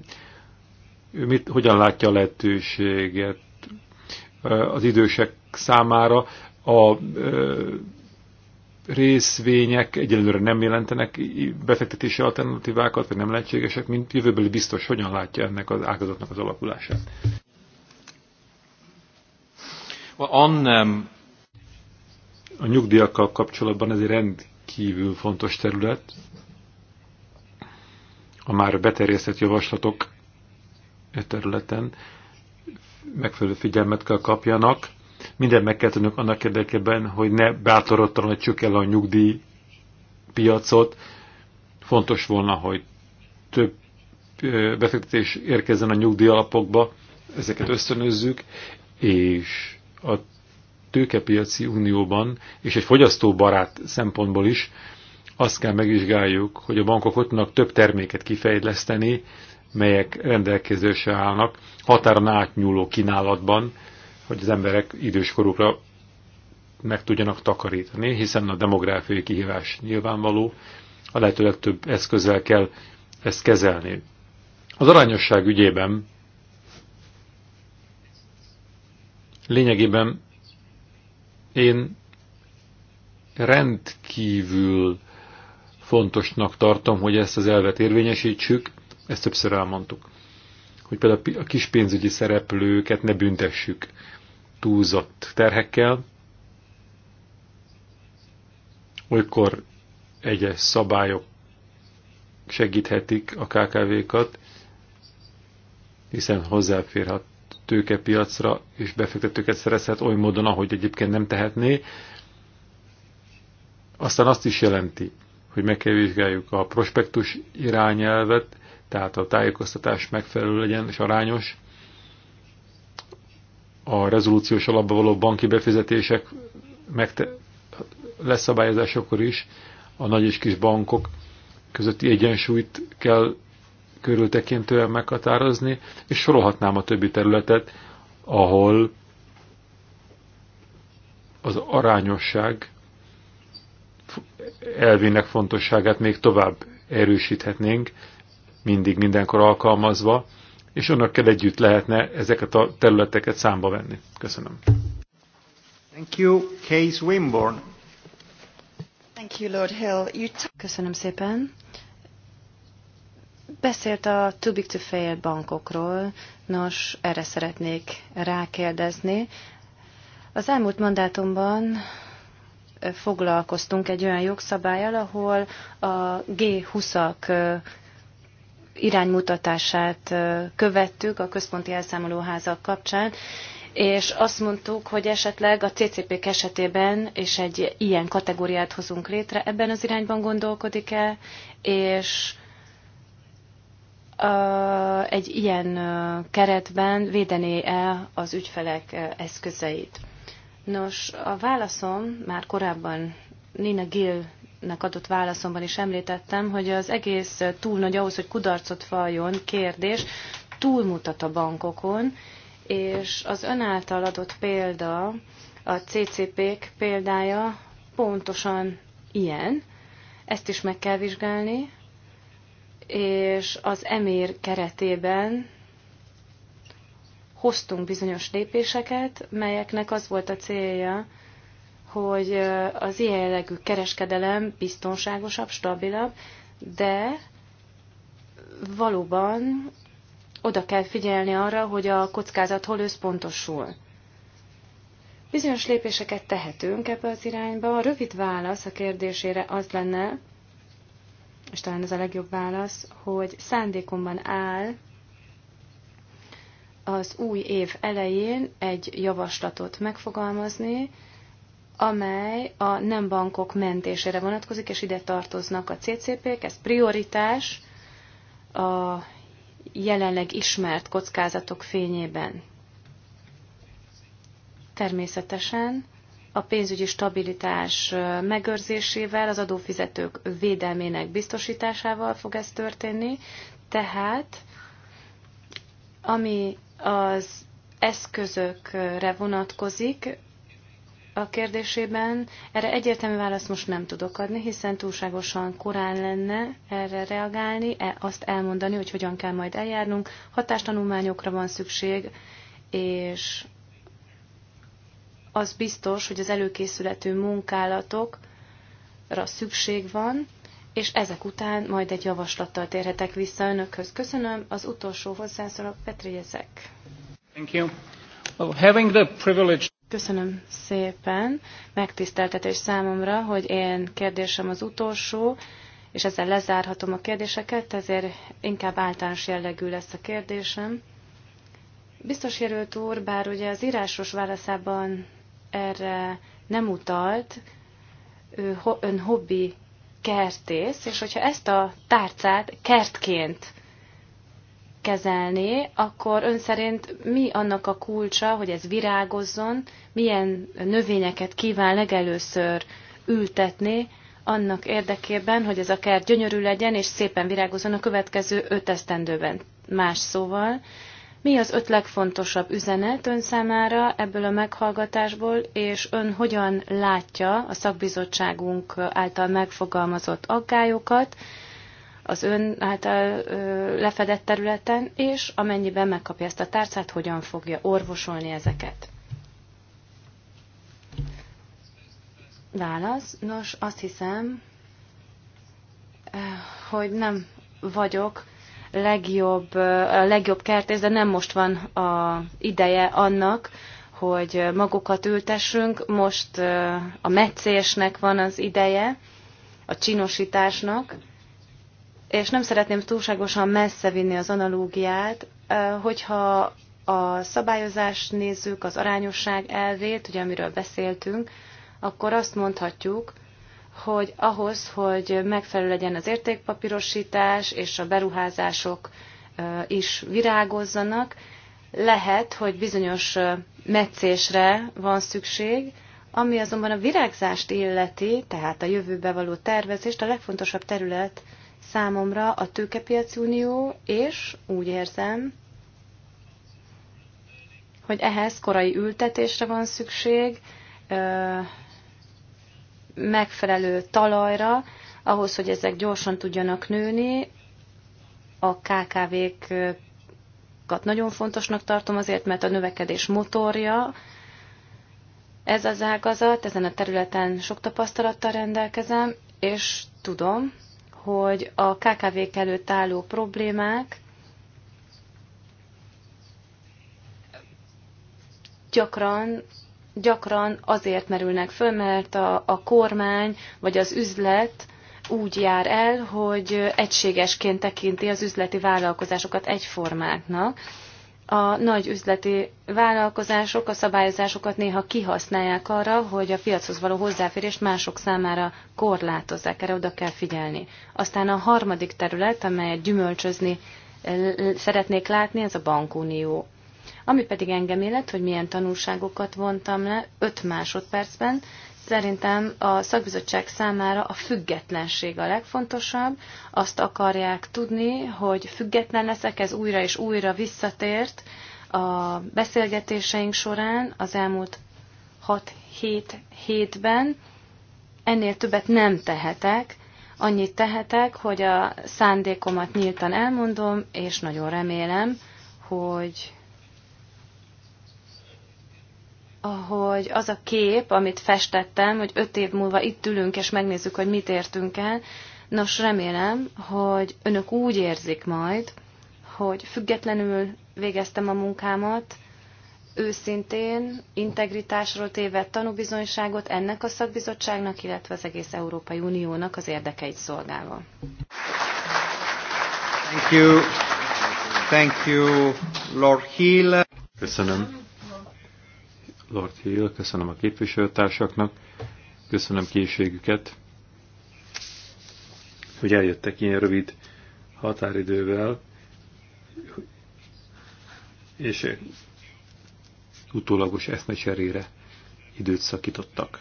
ő mit, hogyan látja a lehetőséget az idősek számára a részvények egyelőre nem jelentenek befektetési alternatívákat, vagy nem lehetségesek, mint jövőbeli biztos, hogyan látja ennek az ágazatnak az alakulását. On, um... A nyugdíjakkal kapcsolatban ez egy rendkívül fontos terület. A már beterjesztett javaslatok e területen megfelelő figyelmet kell kapjanak minden meg kell tennünk annak érdekében, hogy ne hogy csök el a nyugdíj piacot. Fontos volna, hogy több befektetés érkezzen a nyugdíj alapokba, ezeket ösztönözzük, és a tőkepiaci unióban, és egy fogyasztóbarát szempontból is azt kell megvizsgáljuk, hogy a bankok ott tudnak több terméket kifejleszteni, melyek rendelkezésre állnak határon átnyúló kínálatban, hogy az emberek időskorukra meg tudjanak takarítani, hiszen a demográfiai kihívás nyilvánvaló, a lehető legtöbb eszközzel kell ezt kezelni. Az arányosság ügyében lényegében én rendkívül fontosnak tartom, hogy ezt az elvet érvényesítsük, ezt többször elmondtuk, hogy például a kis pénzügyi szereplőket ne büntessük túlzott terhekkel. Olykor egyes szabályok segíthetik a KKV-kat, hiszen hozzáférhet tőkepiacra, és befektetőket szerezhet oly módon, ahogy egyébként nem tehetné. Aztán azt is jelenti, hogy meg kell vizsgáljuk a prospektus irányelvet, tehát a tájékoztatás megfelelő legyen és arányos, a rezolúciós alapba való banki befizetések megte leszabályozásakor is a nagy és kis bankok közötti egyensúlyt kell körültekintően meghatározni, és sorolhatnám a többi területet, ahol az arányosság elvének fontosságát még tovább erősíthetnénk, mindig mindenkor alkalmazva és önökkel együtt lehetne ezeket a területeket számba venni. Köszönöm. Thank you, Case Wimborne. Thank you, Lord Hill. You Köszönöm szépen. Beszélt a too big to fail bankokról. Nos, erre szeretnék rákérdezni. Az elmúlt mandátumban foglalkoztunk egy olyan jogszabályal, ahol a G20-ak iránymutatását követtük a központi elszámolóházak kapcsán, és azt mondtuk, hogy esetleg a ccp esetében és egy ilyen kategóriát hozunk létre, ebben az irányban gondolkodik el, és egy ilyen keretben védené el az ügyfelek eszközeit. Nos, a válaszom már korábban Nina Gill nek adott válaszomban is említettem, hogy az egész túl nagy ahhoz, hogy kudarcot valljon kérdés, túlmutat a bankokon, és az ön által adott példa, a CCP-k példája pontosan ilyen, ezt is meg kell vizsgálni, és az emér keretében hoztunk bizonyos lépéseket, melyeknek az volt a célja, hogy az ilyen jellegű kereskedelem biztonságosabb, stabilabb, de valóban oda kell figyelni arra, hogy a kockázat hol összpontosul. Bizonyos lépéseket tehetünk ebbe az irányba. A rövid válasz a kérdésére az lenne, és talán ez a legjobb válasz, hogy szándékomban áll az új év elején egy javaslatot megfogalmazni, amely a nem bankok mentésére vonatkozik, és ide tartoznak a CCP-k, ez prioritás a jelenleg ismert kockázatok fényében. Természetesen a pénzügyi stabilitás megőrzésével, az adófizetők védelmének biztosításával fog ez történni, tehát ami az eszközökre vonatkozik, a kérdésében erre egyértelmű választ most nem tudok adni, hiszen túlságosan korán lenne erre reagálni, e azt elmondani, hogy hogyan kell majd eljárnunk. Hatástanulmányokra van szükség, és az biztos, hogy az előkészületű munkálatokra szükség van, és ezek után majd egy javaslattal térhetek vissza önökhöz. Köszönöm, az utolsó hozzászólok Petri Ezek. Thank you. Well, having the privilege Köszönöm szépen. Megtiszteltetés számomra, hogy én kérdésem az utolsó, és ezzel lezárhatom a kérdéseket, ezért inkább általános jellegű lesz a kérdésem. Biztos jelölt úr, bár ugye az írásos válaszában erre nem utalt, ő, ön hobbi kertész, és hogyha ezt a tárcát kertként kezelni, akkor ön szerint mi annak a kulcsa, hogy ez virágozzon, milyen növényeket kíván legelőször ültetni, annak érdekében, hogy ez akár gyönyörű legyen, és szépen virágozzon a következő öt esztendőben. Más szóval, mi az öt legfontosabb üzenet ön számára ebből a meghallgatásból, és ön hogyan látja a szakbizottságunk által megfogalmazott aggályokat, az ön által ö, lefedett területen, és amennyiben megkapja ezt a tárcát, hogyan fogja orvosolni ezeket. Válasz. Nos, azt hiszem, hogy nem vagyok legjobb, a legjobb kertész, de nem most van a ideje annak, hogy magukat ültessünk. Most a meccésnek van az ideje, a csinosításnak és nem szeretném túlságosan messze vinni az analógiát, hogyha a szabályozást nézzük, az arányosság elvét, ugye amiről beszéltünk, akkor azt mondhatjuk, hogy ahhoz, hogy megfelelő legyen az értékpapírosítás és a beruházások is virágozzanak, lehet, hogy bizonyos meccésre van szükség, ami azonban a virágzást illeti, tehát a jövőbe való tervezést, a legfontosabb terület Számomra a tőkepiaci unió, és úgy érzem, hogy ehhez korai ültetésre van szükség, megfelelő talajra, ahhoz, hogy ezek gyorsan tudjanak nőni. A KKV-kat nagyon fontosnak tartom azért, mert a növekedés motorja, ez az ágazat, ezen a területen sok tapasztalattal rendelkezem, és tudom, hogy a KKV-k előtt álló problémák gyakran, gyakran azért merülnek föl, mert a, a kormány vagy az üzlet úgy jár el, hogy egységesként tekinti az üzleti vállalkozásokat egyformáknak, a nagy üzleti vállalkozások a szabályozásokat néha kihasználják arra, hogy a piachoz való hozzáférést mások számára korlátozzák, erre oda kell figyelni. Aztán a harmadik terület, amelyet gyümölcsözni szeretnék látni, ez a bankunió. Ami pedig engem élet, hogy milyen tanulságokat vontam le 5 másodpercben, Szerintem a szakbizottság számára a függetlenség a legfontosabb. Azt akarják tudni, hogy független leszek, ez újra és újra visszatért a beszélgetéseink során az elmúlt 6-7 hétben. Ennél többet nem tehetek, annyit tehetek, hogy a szándékomat nyíltan elmondom, és nagyon remélem, hogy ahogy az a kép, amit festettem, hogy öt év múlva itt ülünk, és megnézzük, hogy mit értünk el. Nos, remélem, hogy önök úgy érzik majd, hogy függetlenül végeztem a munkámat, őszintén integritásról tévedt tanúbizonyságot ennek a szakbizottságnak, illetve az egész Európai Uniónak az érdekeit szolgálva. Thank you. Thank you, Lord Hill. Köszönöm. Lord Hill, köszönöm a képviselőtársaknak, köszönöm készségüket, hogy eljöttek ilyen rövid határidővel, és utólagos eszmecserére időt szakítottak.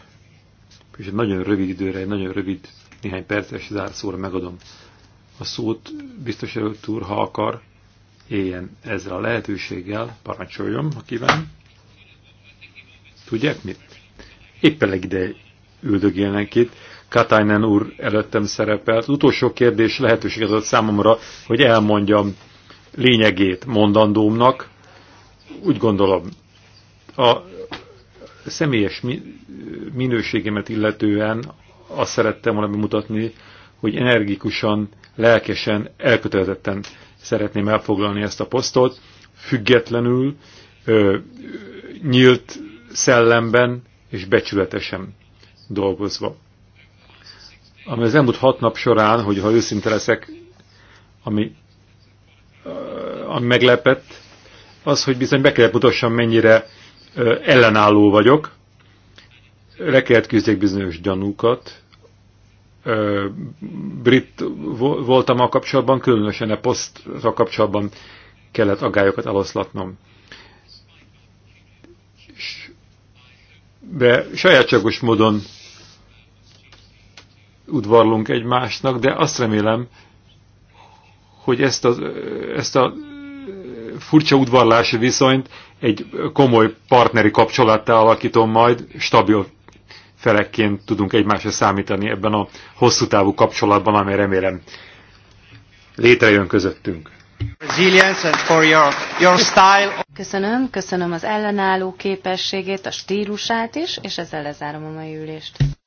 És egy nagyon rövid időre, egy nagyon rövid, néhány perces zárszóra megadom a szót, biztos előtt úr, ha akar, éljen ezzel a lehetőséggel, parancsoljon, ha kíván. Tudják mit? Éppen legide üldögélnek itt. Katainen úr előttem szerepelt. Az utolsó kérdés lehetőséget adott számomra, hogy elmondjam lényegét mondandómnak. Úgy gondolom, a személyes minőségemet illetően azt szerettem volna bemutatni, hogy energikusan, lelkesen, elkötelezetten szeretném elfoglalni ezt a posztot, függetlenül, nyílt szellemben és becsületesen dolgozva. Ami az elmúlt hat nap során, hogy ha őszinte leszek, ami, ami meglepett, az, hogy bizony be kellett mutassam, mennyire ellenálló vagyok, le kellett küzdjek bizonyos gyanúkat, brit voltam a kapcsolatban, különösen a posztra kapcsolatban kellett agályokat eloszlatnom. És be sajátságos módon udvarlunk egymásnak, de azt remélem, hogy ezt a, ezt a furcsa udvarlási viszonyt egy komoly partneri kapcsolattá alakítom majd, stabil felekként tudunk egymásra számítani ebben a hosszú távú kapcsolatban, amely remélem létrejön közöttünk. Köszönöm, köszönöm az ellenálló képességét, a stílusát is, és ezzel lezárom a mai ülést.